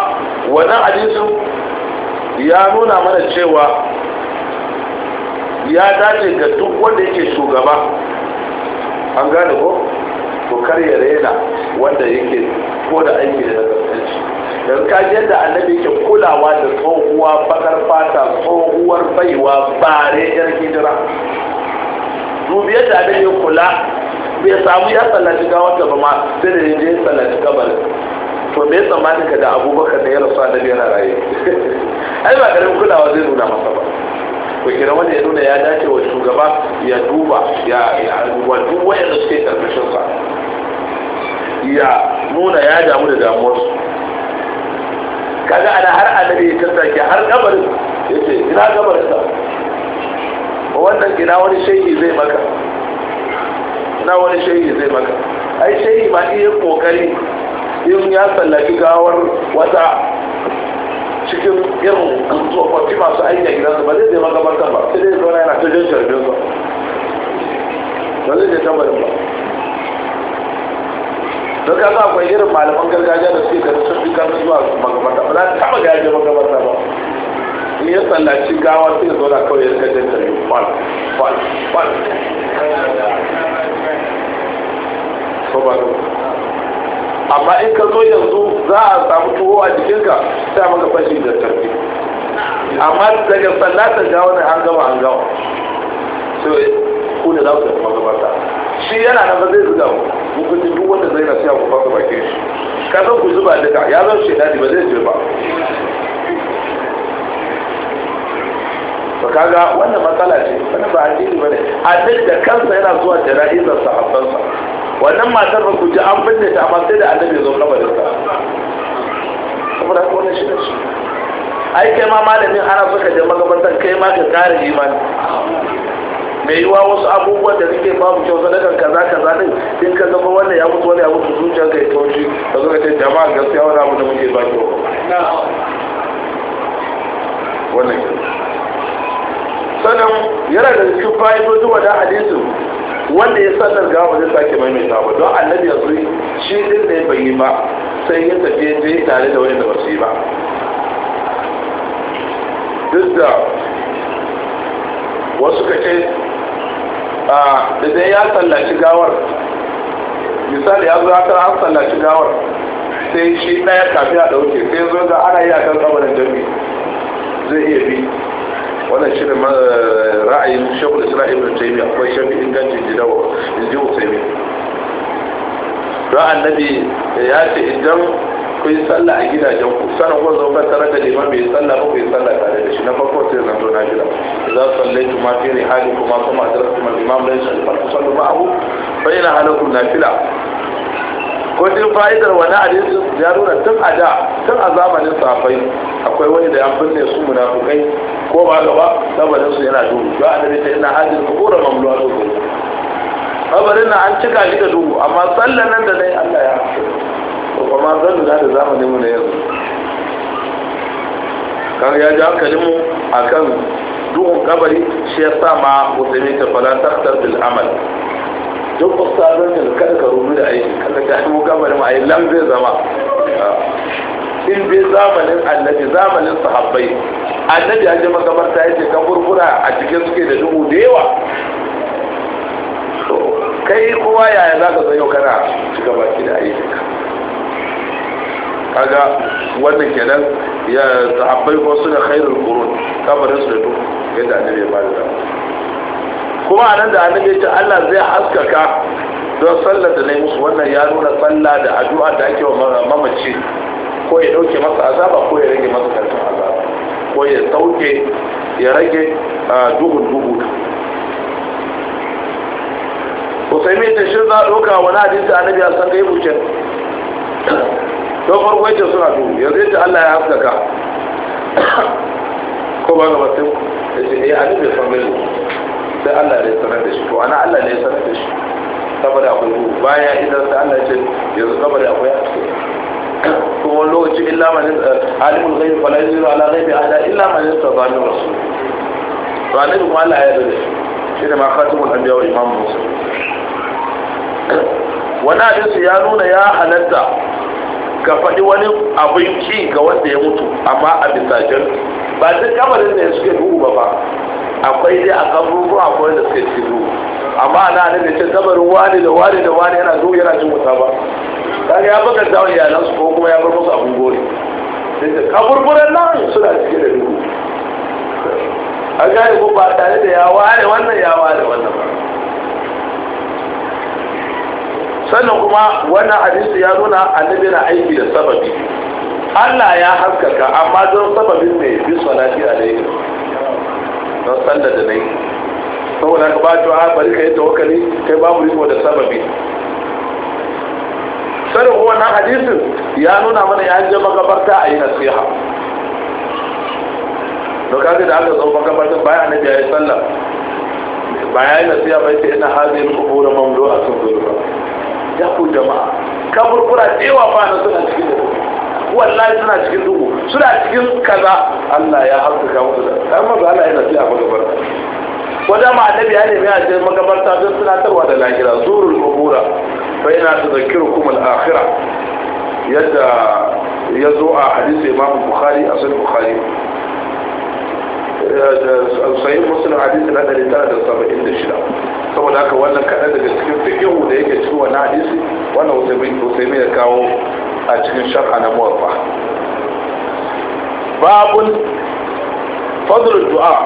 wannan hadisin ya nuna mana cewa ya dace ga duk wanda yake shugaba an gane ko to kar ya raina wanda yake ko da aiki da don kaji yadda annabi ke kulawa da tsohuwa bakar fata tsohuwar baiwa bare yar hijira dubi yadda annabi kula bai samu ya tsallaci gawarta ba ma sai da yaje ya tsallaci kabarin to me tsammanin ka da abubakar da ya rasu annabi yana raye [laughs] ai ba garin kulawa zai nuna masa ba ko kira wanda ya nuna ya dace wa shugaba ya duba ya wa duk wanda suke karkashin sa ya nuna ya damu da damuwarsu kaga ana har annabi ya tattake har kabarin ya ce gina kabarin sa wannan gina wani shehi zai maka ina wani shehi zai maka ai shehi ma iya kokari in ya sallaki gawar wata cikin irin tsofaffi masu aiki a gidansa ba zai zai magabatar ba sai dai zauna yana ta jin sharbin ba ba zai je tambarin ba don ka akwai irin malaman gargajiya da suke ganin sun fi karfi zuwa makamarta ba za ta taɓa gaje makamarta ba in ya tsallaci gawa sai ya zauna kawai ya rika jan tare fal fal fal amma in ka zo yanzu za a samu tuwo a jikinka sai maka fashi da tarbi amma daga sallatan gawa ne an gama an gawa sai ku ne za ku tafi magabarta shi yana nan ba zai zuga mu mun duk wanda zai na siya ku fasa bakin shi ka san ku zuba duka ya zan shaidani ba zai je ba to kaga wannan matsala ce wannan ba addini bane addini da kansa yana zuwa jana'izar sahabbansa wannan matar ba ku ji an binne ta amma sai da annabi zo kabarin ta saboda haka wannan shi ne shi ai kai ma malamin ana suka je magabatar kai ma ka kare imani mai yiwa wasu abubuwan da suke babu kyau sadakan kaza kaza din din ka zama wannan ya mutu wanda ya mutu zuciyar ga ya taushi ka zo ka ce jama'a gaskiya wani abu da muke ba ki wannan sannan yana da cikin fa'idodi wa da hadisin wanda ya sannan gawa wajen zai sake maimaita ba don annabi ya zuri shi din da ya bayi ba sai ya tafi je tare da wani da ba su yi ba duk da wasu kace Ah, da dai ya sallaci gawar misali ya zo aka an sallaci gawar sai shi ɗaya kafin a ɗauke sai zo ga ana yi a kan tsawon jami zai iya bi wannan shirin eh, ra'ayin shekul isra'il da taimi akwai shafi ingancin jidawa in ji usaimi ra'an nabi ya ce idan ku yi sallah a gidajen ku sanan ko zo kan tare da liman bai sallah ba yi sallah tare da shi na farko sai zan zo na gida za su sallai tuma fi ne hali kuma kuma a zarar kuma imam lai shi ba ku sallu ba abu bai na halakun na fila ko duk fa'idar wani hadisi ya nuna tun a da tun a zamanin safai akwai wani da ya binne su munafukai ko ba gaba saboda su yana duhu ba annabi ta ina hadin kubura mamluwa su kabarin na an cika shi da duhu amma sallan nan da dai Allah ya haƙura ba zan lura da zamanin mu na yanzu kan ya ji hankalin mu kan duhun kabari shi ya sa ma wata musulmi ta fala taktar bil amal duk ustazan da kada ka rubu da aiki kada ka yi shi kabarin a yi lam zai zama in bai zamanin annabi zamanin sahabbai annabi ya je makabarta ya ce kaburbura a cikin suke da dubu da yawa kai kowa yaya za ka zayo kana shiga baki da ayyuka kaga wannan kenan ya sahabbai ko suna khairul qurun kabarin su da duk yadda annabi ya bada kuma anan da annabi ya ce Allah zai haskaka don sallar da nayi musu wannan ya nuna salla da addu'a da ake wa mamaci ko ya dauke masa azaba ko ya rage masa karfin azaba ko ya sauke ya rage duhun duhu Usaimin ta shi za a ɗauka wani hadisi annabi ya san gaibu kenan don farko suna duhu yanzu yadda Allah ya ka. ko ba ga mutum da ce eh a bai san gani sai Allah ne sanar da shi to ana Allah ne sanar da shi saboda akwai duhu baya idan sai Allah ce yanzu saboda akwai haske Ko wani lokaci illa man alimul ghaib fala yuziru ala ghaibi ahada illa man yastaba min rasul to annabi kuma Allah ya yarda da shi shi ne ma khatimul anbiya wa imam musa wani hadisi ya nuna ya halatta ka faɗi wani abin ci ga wanda ya mutu amma a bisa jirgi ba duk kamarin ne suke duhu ba ba akwai dai a kaburuwa akwai da suke ci duhu amma ana ne da ce kamarin wani da wani da wani yana duhu yana jin wuta ba kaga ya baka zawon iyalansu ko kuma ya bar musu abin gori ka kaburburan nan suna cike da duhu a gane ko ba tare da ya ware wannan ya ware wannan ba sannan kuma wannan hadisi ya nuna annabi na aiki da sababi Allah ya haskaka amma don sababin ne bi salati alayhi don sallar da nayi saboda ka ba ta bari kai tawakkali kai babu riko da sababi sannan kuma wannan hadisi ya nuna mana ya je makabarta a yi nasiha to kaga da aka zo makabarta bayan annabi ya yi sallah bayan nasiya bai ce ina hadin kubura a sun zurfa ya ku jama'a kaburbura da yawa ba na suna cikin duhu wallahi suna cikin duhu suna cikin kaza Allah ya haskaka musu da amma ba Allah ya tafi a magabarta wajen ma annabi ya nemi a cikin magabarta don tunatarwa da lahira zurul kubura fa yana tadhakkirukum al-akhirah yadda ya zo a hadisi imam bukhari a sahih bukhari sahih muslim hadisi na ɗari tara da saba'in da shida saboda haka wannan kaɗan daga cikin fiƙihu da yake cikin wani hadisi wannan usaimin ya kawo a cikin shar'a na muwaffa babun fadlul du'a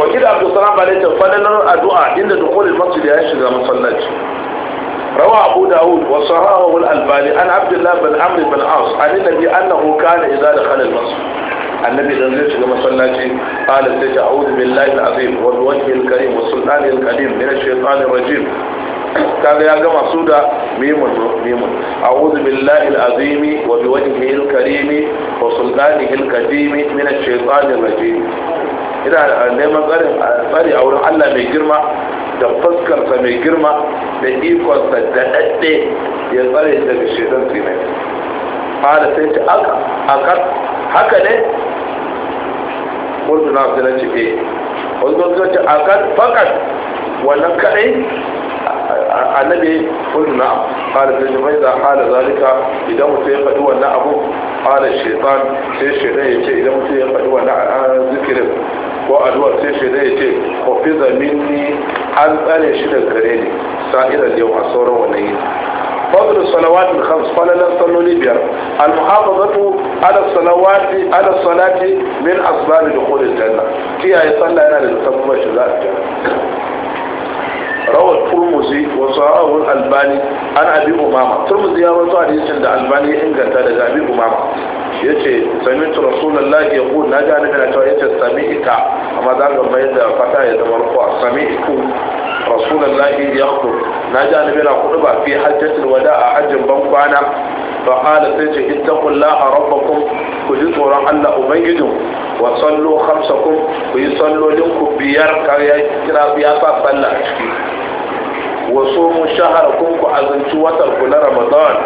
wakil abdulsalam balaita fadalar addu'a inda dukkan masjid ya shiga masallaci روى أبو داود وصححه الألباني عن عبد الله بن عمرو بن عاص عن النبي أنه كان إذا دخل المسجد النبي صلى الله عليه وسلم قال أعوذ بالله العظيم والوجه الكريم والسلطان الكريم من الشيطان الرجيم kaga ya gama su da mimun mimun a'udhu billahi al-azim wa wajhihi al-karim wa sultanihi al-qadim min ash-shaytanir rajim ina neman tsari a wurin Allah mai girma da fuskarsa mai girma da ikonsa da ɗaɗɗe ya tsare daga shaitan tsinai fara sai ta aka aka haka ne eh. wasu na su na ciki. wasu na su ce aka fakat wannan kaɗai النبي قل نعم قال ابن جميزة حال ذلك إذا متيقى هو نعم قال الشيطان سيشهده يتي إذا متيقى هو نعب آه، ذكر وأدوى سيشهده يتي خفض مني أزأل يشهد الكريني سائلا اليوم أصورا ونعين فضل الصلوات الخمس قال لا صلوا ليبيا المحافظة على الصلوات على الصلاة من أسباب دخول الجنة كي يصلى صلى أنا للتصوير شذات الجنة rawar turmuzi wa sahahul albani an abi umama turmuzi ya rawaito hadisin da albani ya inganta daga abi umama yace sami'tu rasulullahi yaqul naji annabi na cewa yace sami'ika amma za ka bayar da fata ya zama a sami'tu rasulullahi yaqul naji annabi na kudu ba fi hajjatul a hajjin ban kwana فقال سيجي اتقوا الله ربكم كجزور الله ku وصلوا خمسكم ويصلوا لكم بيار كريا كرا بيافا صلى wa sumu shaharakum ku azanci watan ku na ramadan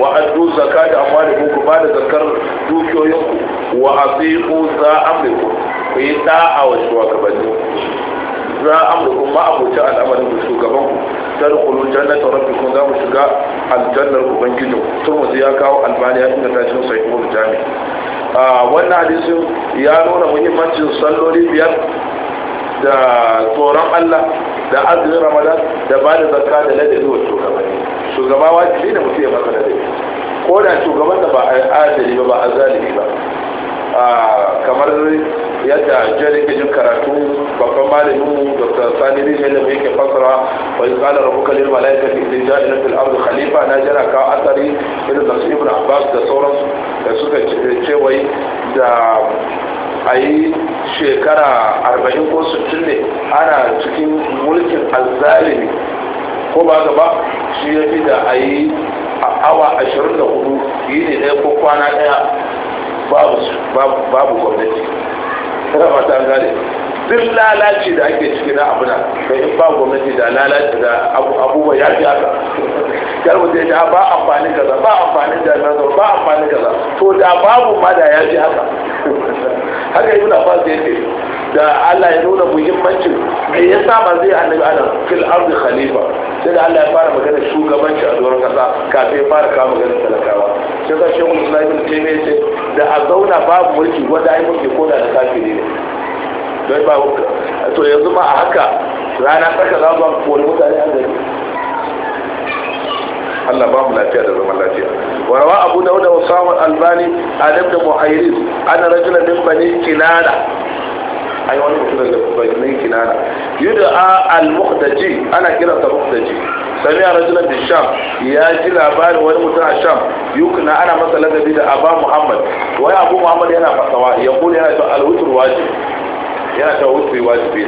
wa addu amfani amwalikum ku bada zakar dukiyoyinku wa asiqu za amrikum ku yi da'a wa shugabanni za amrikum ma abuta al'amarin ku shugaban ku tadkhulu jannata rabbikum za mu shiga aljannar ubangiji turmuzi ya kawo albaniya inda ta cin sai ibnu jami'a. Ah, wannan hadisin ya nuna muhimmancin salloli biyar da tsoron Allah da azumin Ramadan da ba da zakka da ladabi wa shugabanni shugaba wajibi ne mutum ya masa ladabi ko da shugaban da ba adali ba ba azalimi ba kamar yadda jari ke jin karatu babban malamin dr sani rijiyar da mai yake fasara wa yi tsala rabu kalil malaika fi ilin jari na fil ardu khalifa na jira kawo asari irin da su ibn abbas da sauransu da suka ce wai da a yi shekara arba'in ko 60 ne ana cikin mulkin azzalimi ko ba gaba shi ya fi da a yi a awa 24 yi ne ɗaya ko kwana ɗaya babu gwamnati. Ina duk lalaci da ake ciki na abu na da in ba gwamnati da lalaci da abubuwa ya fi haka kar mu ce ah, ba amfani kaza ba amfani da nazar ba amfani kaza to da babu ma da ya fi haka haka ibn abbas ya ce da Allah ya nuna muhimmancin me ya sa ba zai annabi adam fil ardi khalifa sai da Allah ya fara magana shugabanci a doron kasa kafin ya fara kawo magana talakawa sai ka shehu Islam ibn Taymiyyah ce da a zauna babu mulki wanda ai mulki ko da kafiri ne don ba wuka to yanzu ma a haka rana tsaka za ba wani mutane a gari Allah ba mu lafiya da zaman lafiya warawa abu dauda wa samun albani adam da muhairis ana rajula min bani kinana ai wani mutum daga bani kinana yud'a al-muhdaji ana kiransa muhdaji sami a rajulan da sham ya ji labarin wani mutum a sham yukna ana masa ladabi da aba muhammad wai abu muhammad yana fasawa ya kula yana cewa alwutur wajib yana ta wuce wajibi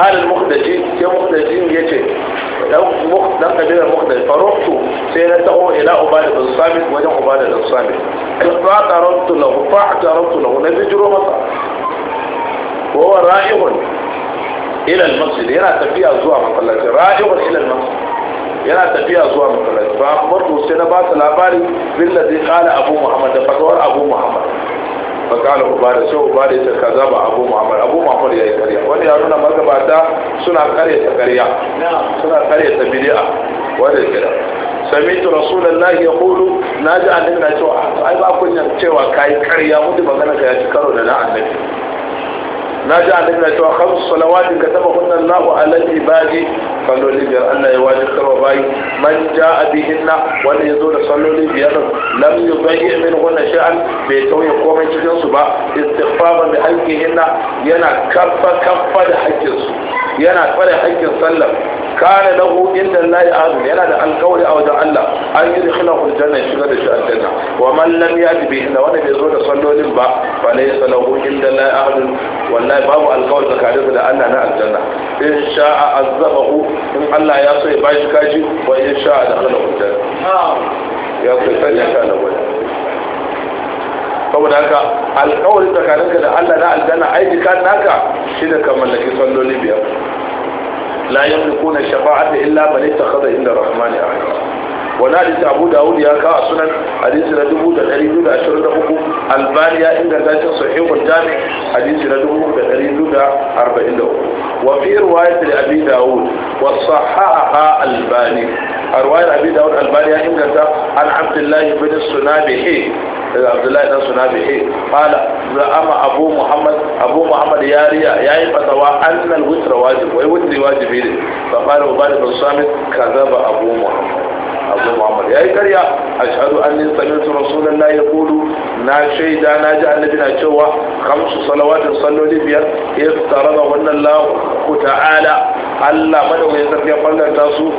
qalil muqtadi ke muqtadi yace dan muqtadi dan kabila muqtadi farahtu sai na ta ubadah ila ubadah samit wajen ubadah dan samit alqata rabtu la fahta rabtu la na bijru mata wa huwa ra'ihun ila almasjid yana tafiya zuwa masallaci ra'ihun ila almasjid yana tafiya zuwa masallaci ba mutu sai na bata su labari billazi qala abu muhammad da fatawar abu muhammad fakala ubada sai ubada ya ka zaba abu muhammad abu muhammad ya yi karya wani ya nuna magabata suna karya ta karya suna karya ta bid'a wanda kira sami tu rasulullahi ya kulu na ji annabi na cewa ai ba kunyan cewa kai karya mutu magana ka ya ci karo da na annabi na ji annabi na cewa khamsu salawatin kataba hunna Allah ala ibadi salloli biyar Allah ya wajibta wa bayi man ja'a bihinna wanda ya zo da salloli biyar lam yubayyi min hunna sha'an bai tauye komai cikin su ba istighfaran bi na yana kaffa kaffa da haƙƙin su yana tsare haƙƙin sallar kana lahu inda Allah ya azumi yana da alƙawari a wajen Allah an yi rikina aljanna shiga da shi aljanna wa man lam ya'ti bihinna wanda bai zo da sallolin ba fa laysa lahu inda Allah ya azumi wallahi babu alkawari tsakaninsa da Allah na aljanna in sha'a azabahu in Allah ya so ya bashi kaji wa in sha'a da Allah hujjar ya so ya ka da wani saboda haka alkawari tsakaninka da Allah na aljanna aiki kan naka shi da ka mallaki salloli biyar la yamlikuna shafa'ata illa man ittakhadha inda rahmani ahada ونالت أبو داود يكا أصنع حديث لدبو تتريد دا أشهر دبو البانيا إنك ذات صحيح الجامع حديث لدبو تتريد دا أربع إلو وفي رواية لأبي داود وصححها الباني رواية أبي داود البانيا إنك ذات عن عبد الله بن السنابه عبد الله بن السنابه قال زعم أبو محمد أبو محمد ياريا ياي فتوى أن الوتر واجب ويوتر واجب إلي فقال أبو بن الصامت كذب أبو محمد abu muhammad ya yi karya a ashhadu anni sami'tu rasulullahi yaqulu na shaida na ji annabi na cewa khamsu salawatin salloli biyar ya tsara iftarada wannan lahu ta'ala Allah madawai sarki fallanta su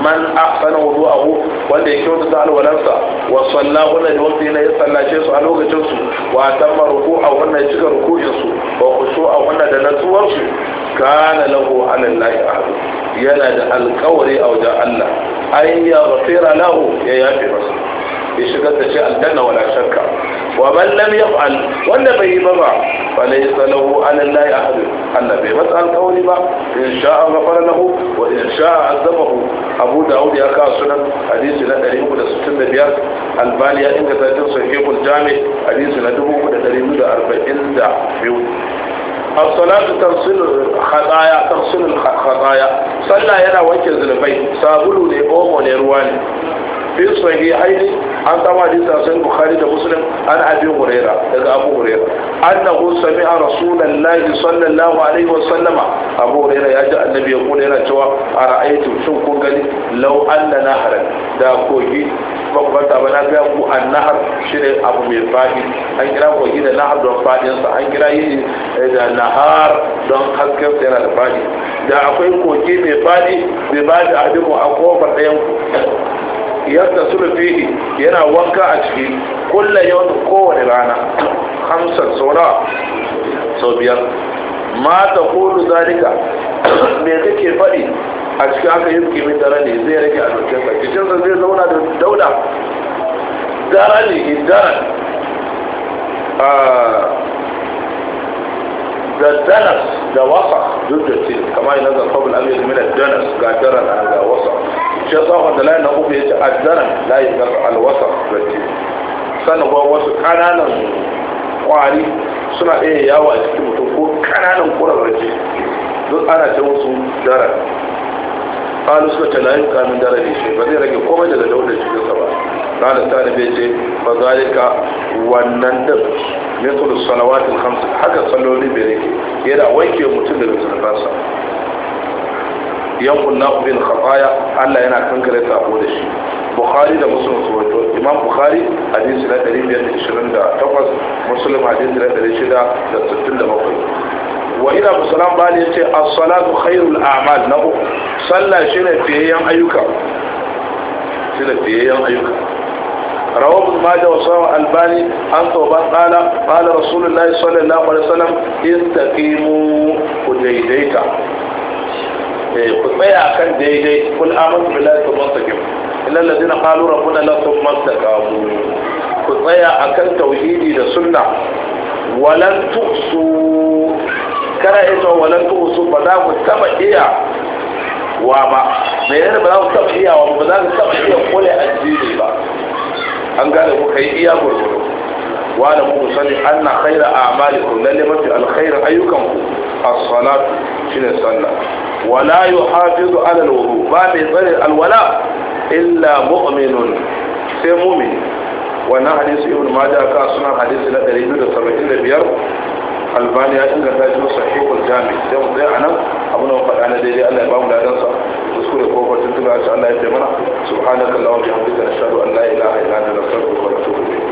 man a ahsana wudu'ahu wanda ya kyautata alwalansa wa sallahu na wanda ya sallace su a lokacinsu su wa tamma a wannan cika ruku'in su wa a wannan da natsuwar su kana lahu ala Allah ahadu yana da alƙawari a wajen Allah an ya يغفر له يا يغفر يشكت شيء الجنة ولا شك ومن لم يفعل والنبي ببع فليس له على الله أحد النبي مسأل كوني ما إن شاء غفر له وإن شاء عذبه أبو داود يا كاسنا حديث لا تريم كده ستين بيار البالية إن كتاتين صحيح الجامع حديث لا تريم كده أربعين دا as-salatu tansilu khataya tansilu khataya sallah yana wanke zunubai sabulu ne omo ne ruwa ne fi sahihaini an samu hadisi a sahih bukhari da muslim an abi huraira daga abu huraira annahu sami'a rasulullahi sallallahu alaihi wa sallama abu huraira ya ji annabi ya kula yana cewa a ra'aytu shin kun gani law anna nahran da kogi babbata ba na ga ku annahar shine abu mai fadi an kira kogi da nahar don fadin sa an kira yi da nahar don hasken sa yana da fadi da akwai kogi mai fadi bai ba da abin a kofar ɗayan ku يتصل فيه ينا وقع أجهي كل يوم قول لنا خمسة صورة صوبيا ما تقول ذلك ميزك الفري أجهاك يبكي من دراني زي ركي أجهزة كشنزة زي زونا دولة دراني الدران ذا دنس ذا وصخ ضد السيل كما ينزل قبل أمير من الدنس قادرا على وصخ shi yasa layi na uku ya ce azzaran layi na alwasa zaki sannan wasu kananan kwari suna iya yawo a cikin mutum ko kananan kurarrace duk ana ce musu dara قالوا سكت لا يبقى من درجة شيء فذي رجع قوم جل دولة شيء سبا قال الثاني بيجي فذلك والنندب مثل الصلوات الخمس حتى صلوا لي بريكي يدا ويكي متن بالنسبة yanqul lahu bil khafaya Allah yana kankare sako da shi bukhari da muslim su wato imam bukhari hadisi na 528 muslim hadisi na 667 wa ina musulman bani ya ce as-salatu khairul a'mal na uku sallah shine fiyayyen ayyuka shine fiyayyen ayyuka rawabu ma da wasu albani an tauba tsala qala rasulullahi sallallahu alaihi wasallam istaqimu ku daidaita Eh, ku tsaya kan daidai kul amantu billahi thumma istaqim illal ladina qalu rabbuna la thumma istaqamu ku tsaya akan tauhidi da sunna walan tuqsu kana ita walan tuqsu ba za ku taba iya wa ba me ne ba za ku taba iya wa ba za ku taba iya kole addini ba an gane ku kai iya gurgurdu wa da ku sani anna khayra a'malikum lalle mafi alkhairin ayyukanku as-salatu shine sallah wala yuhafizu ala al-wudu ba mai tsare alwala illa mu'minun sai mu'min wannan hadisi ibn majah ka suna hadisi na 275 albani ya inganta shi sahihul jami sai mu tsaya anan abu da faɗa na daidai Allah ya bamu ladan sa kuskure ko ko tuntuna Allah ya taimaka subhanakallahumma wa bihamdika nashhadu an la ilaha illa anta nastaghfiruka wa natubu ilayk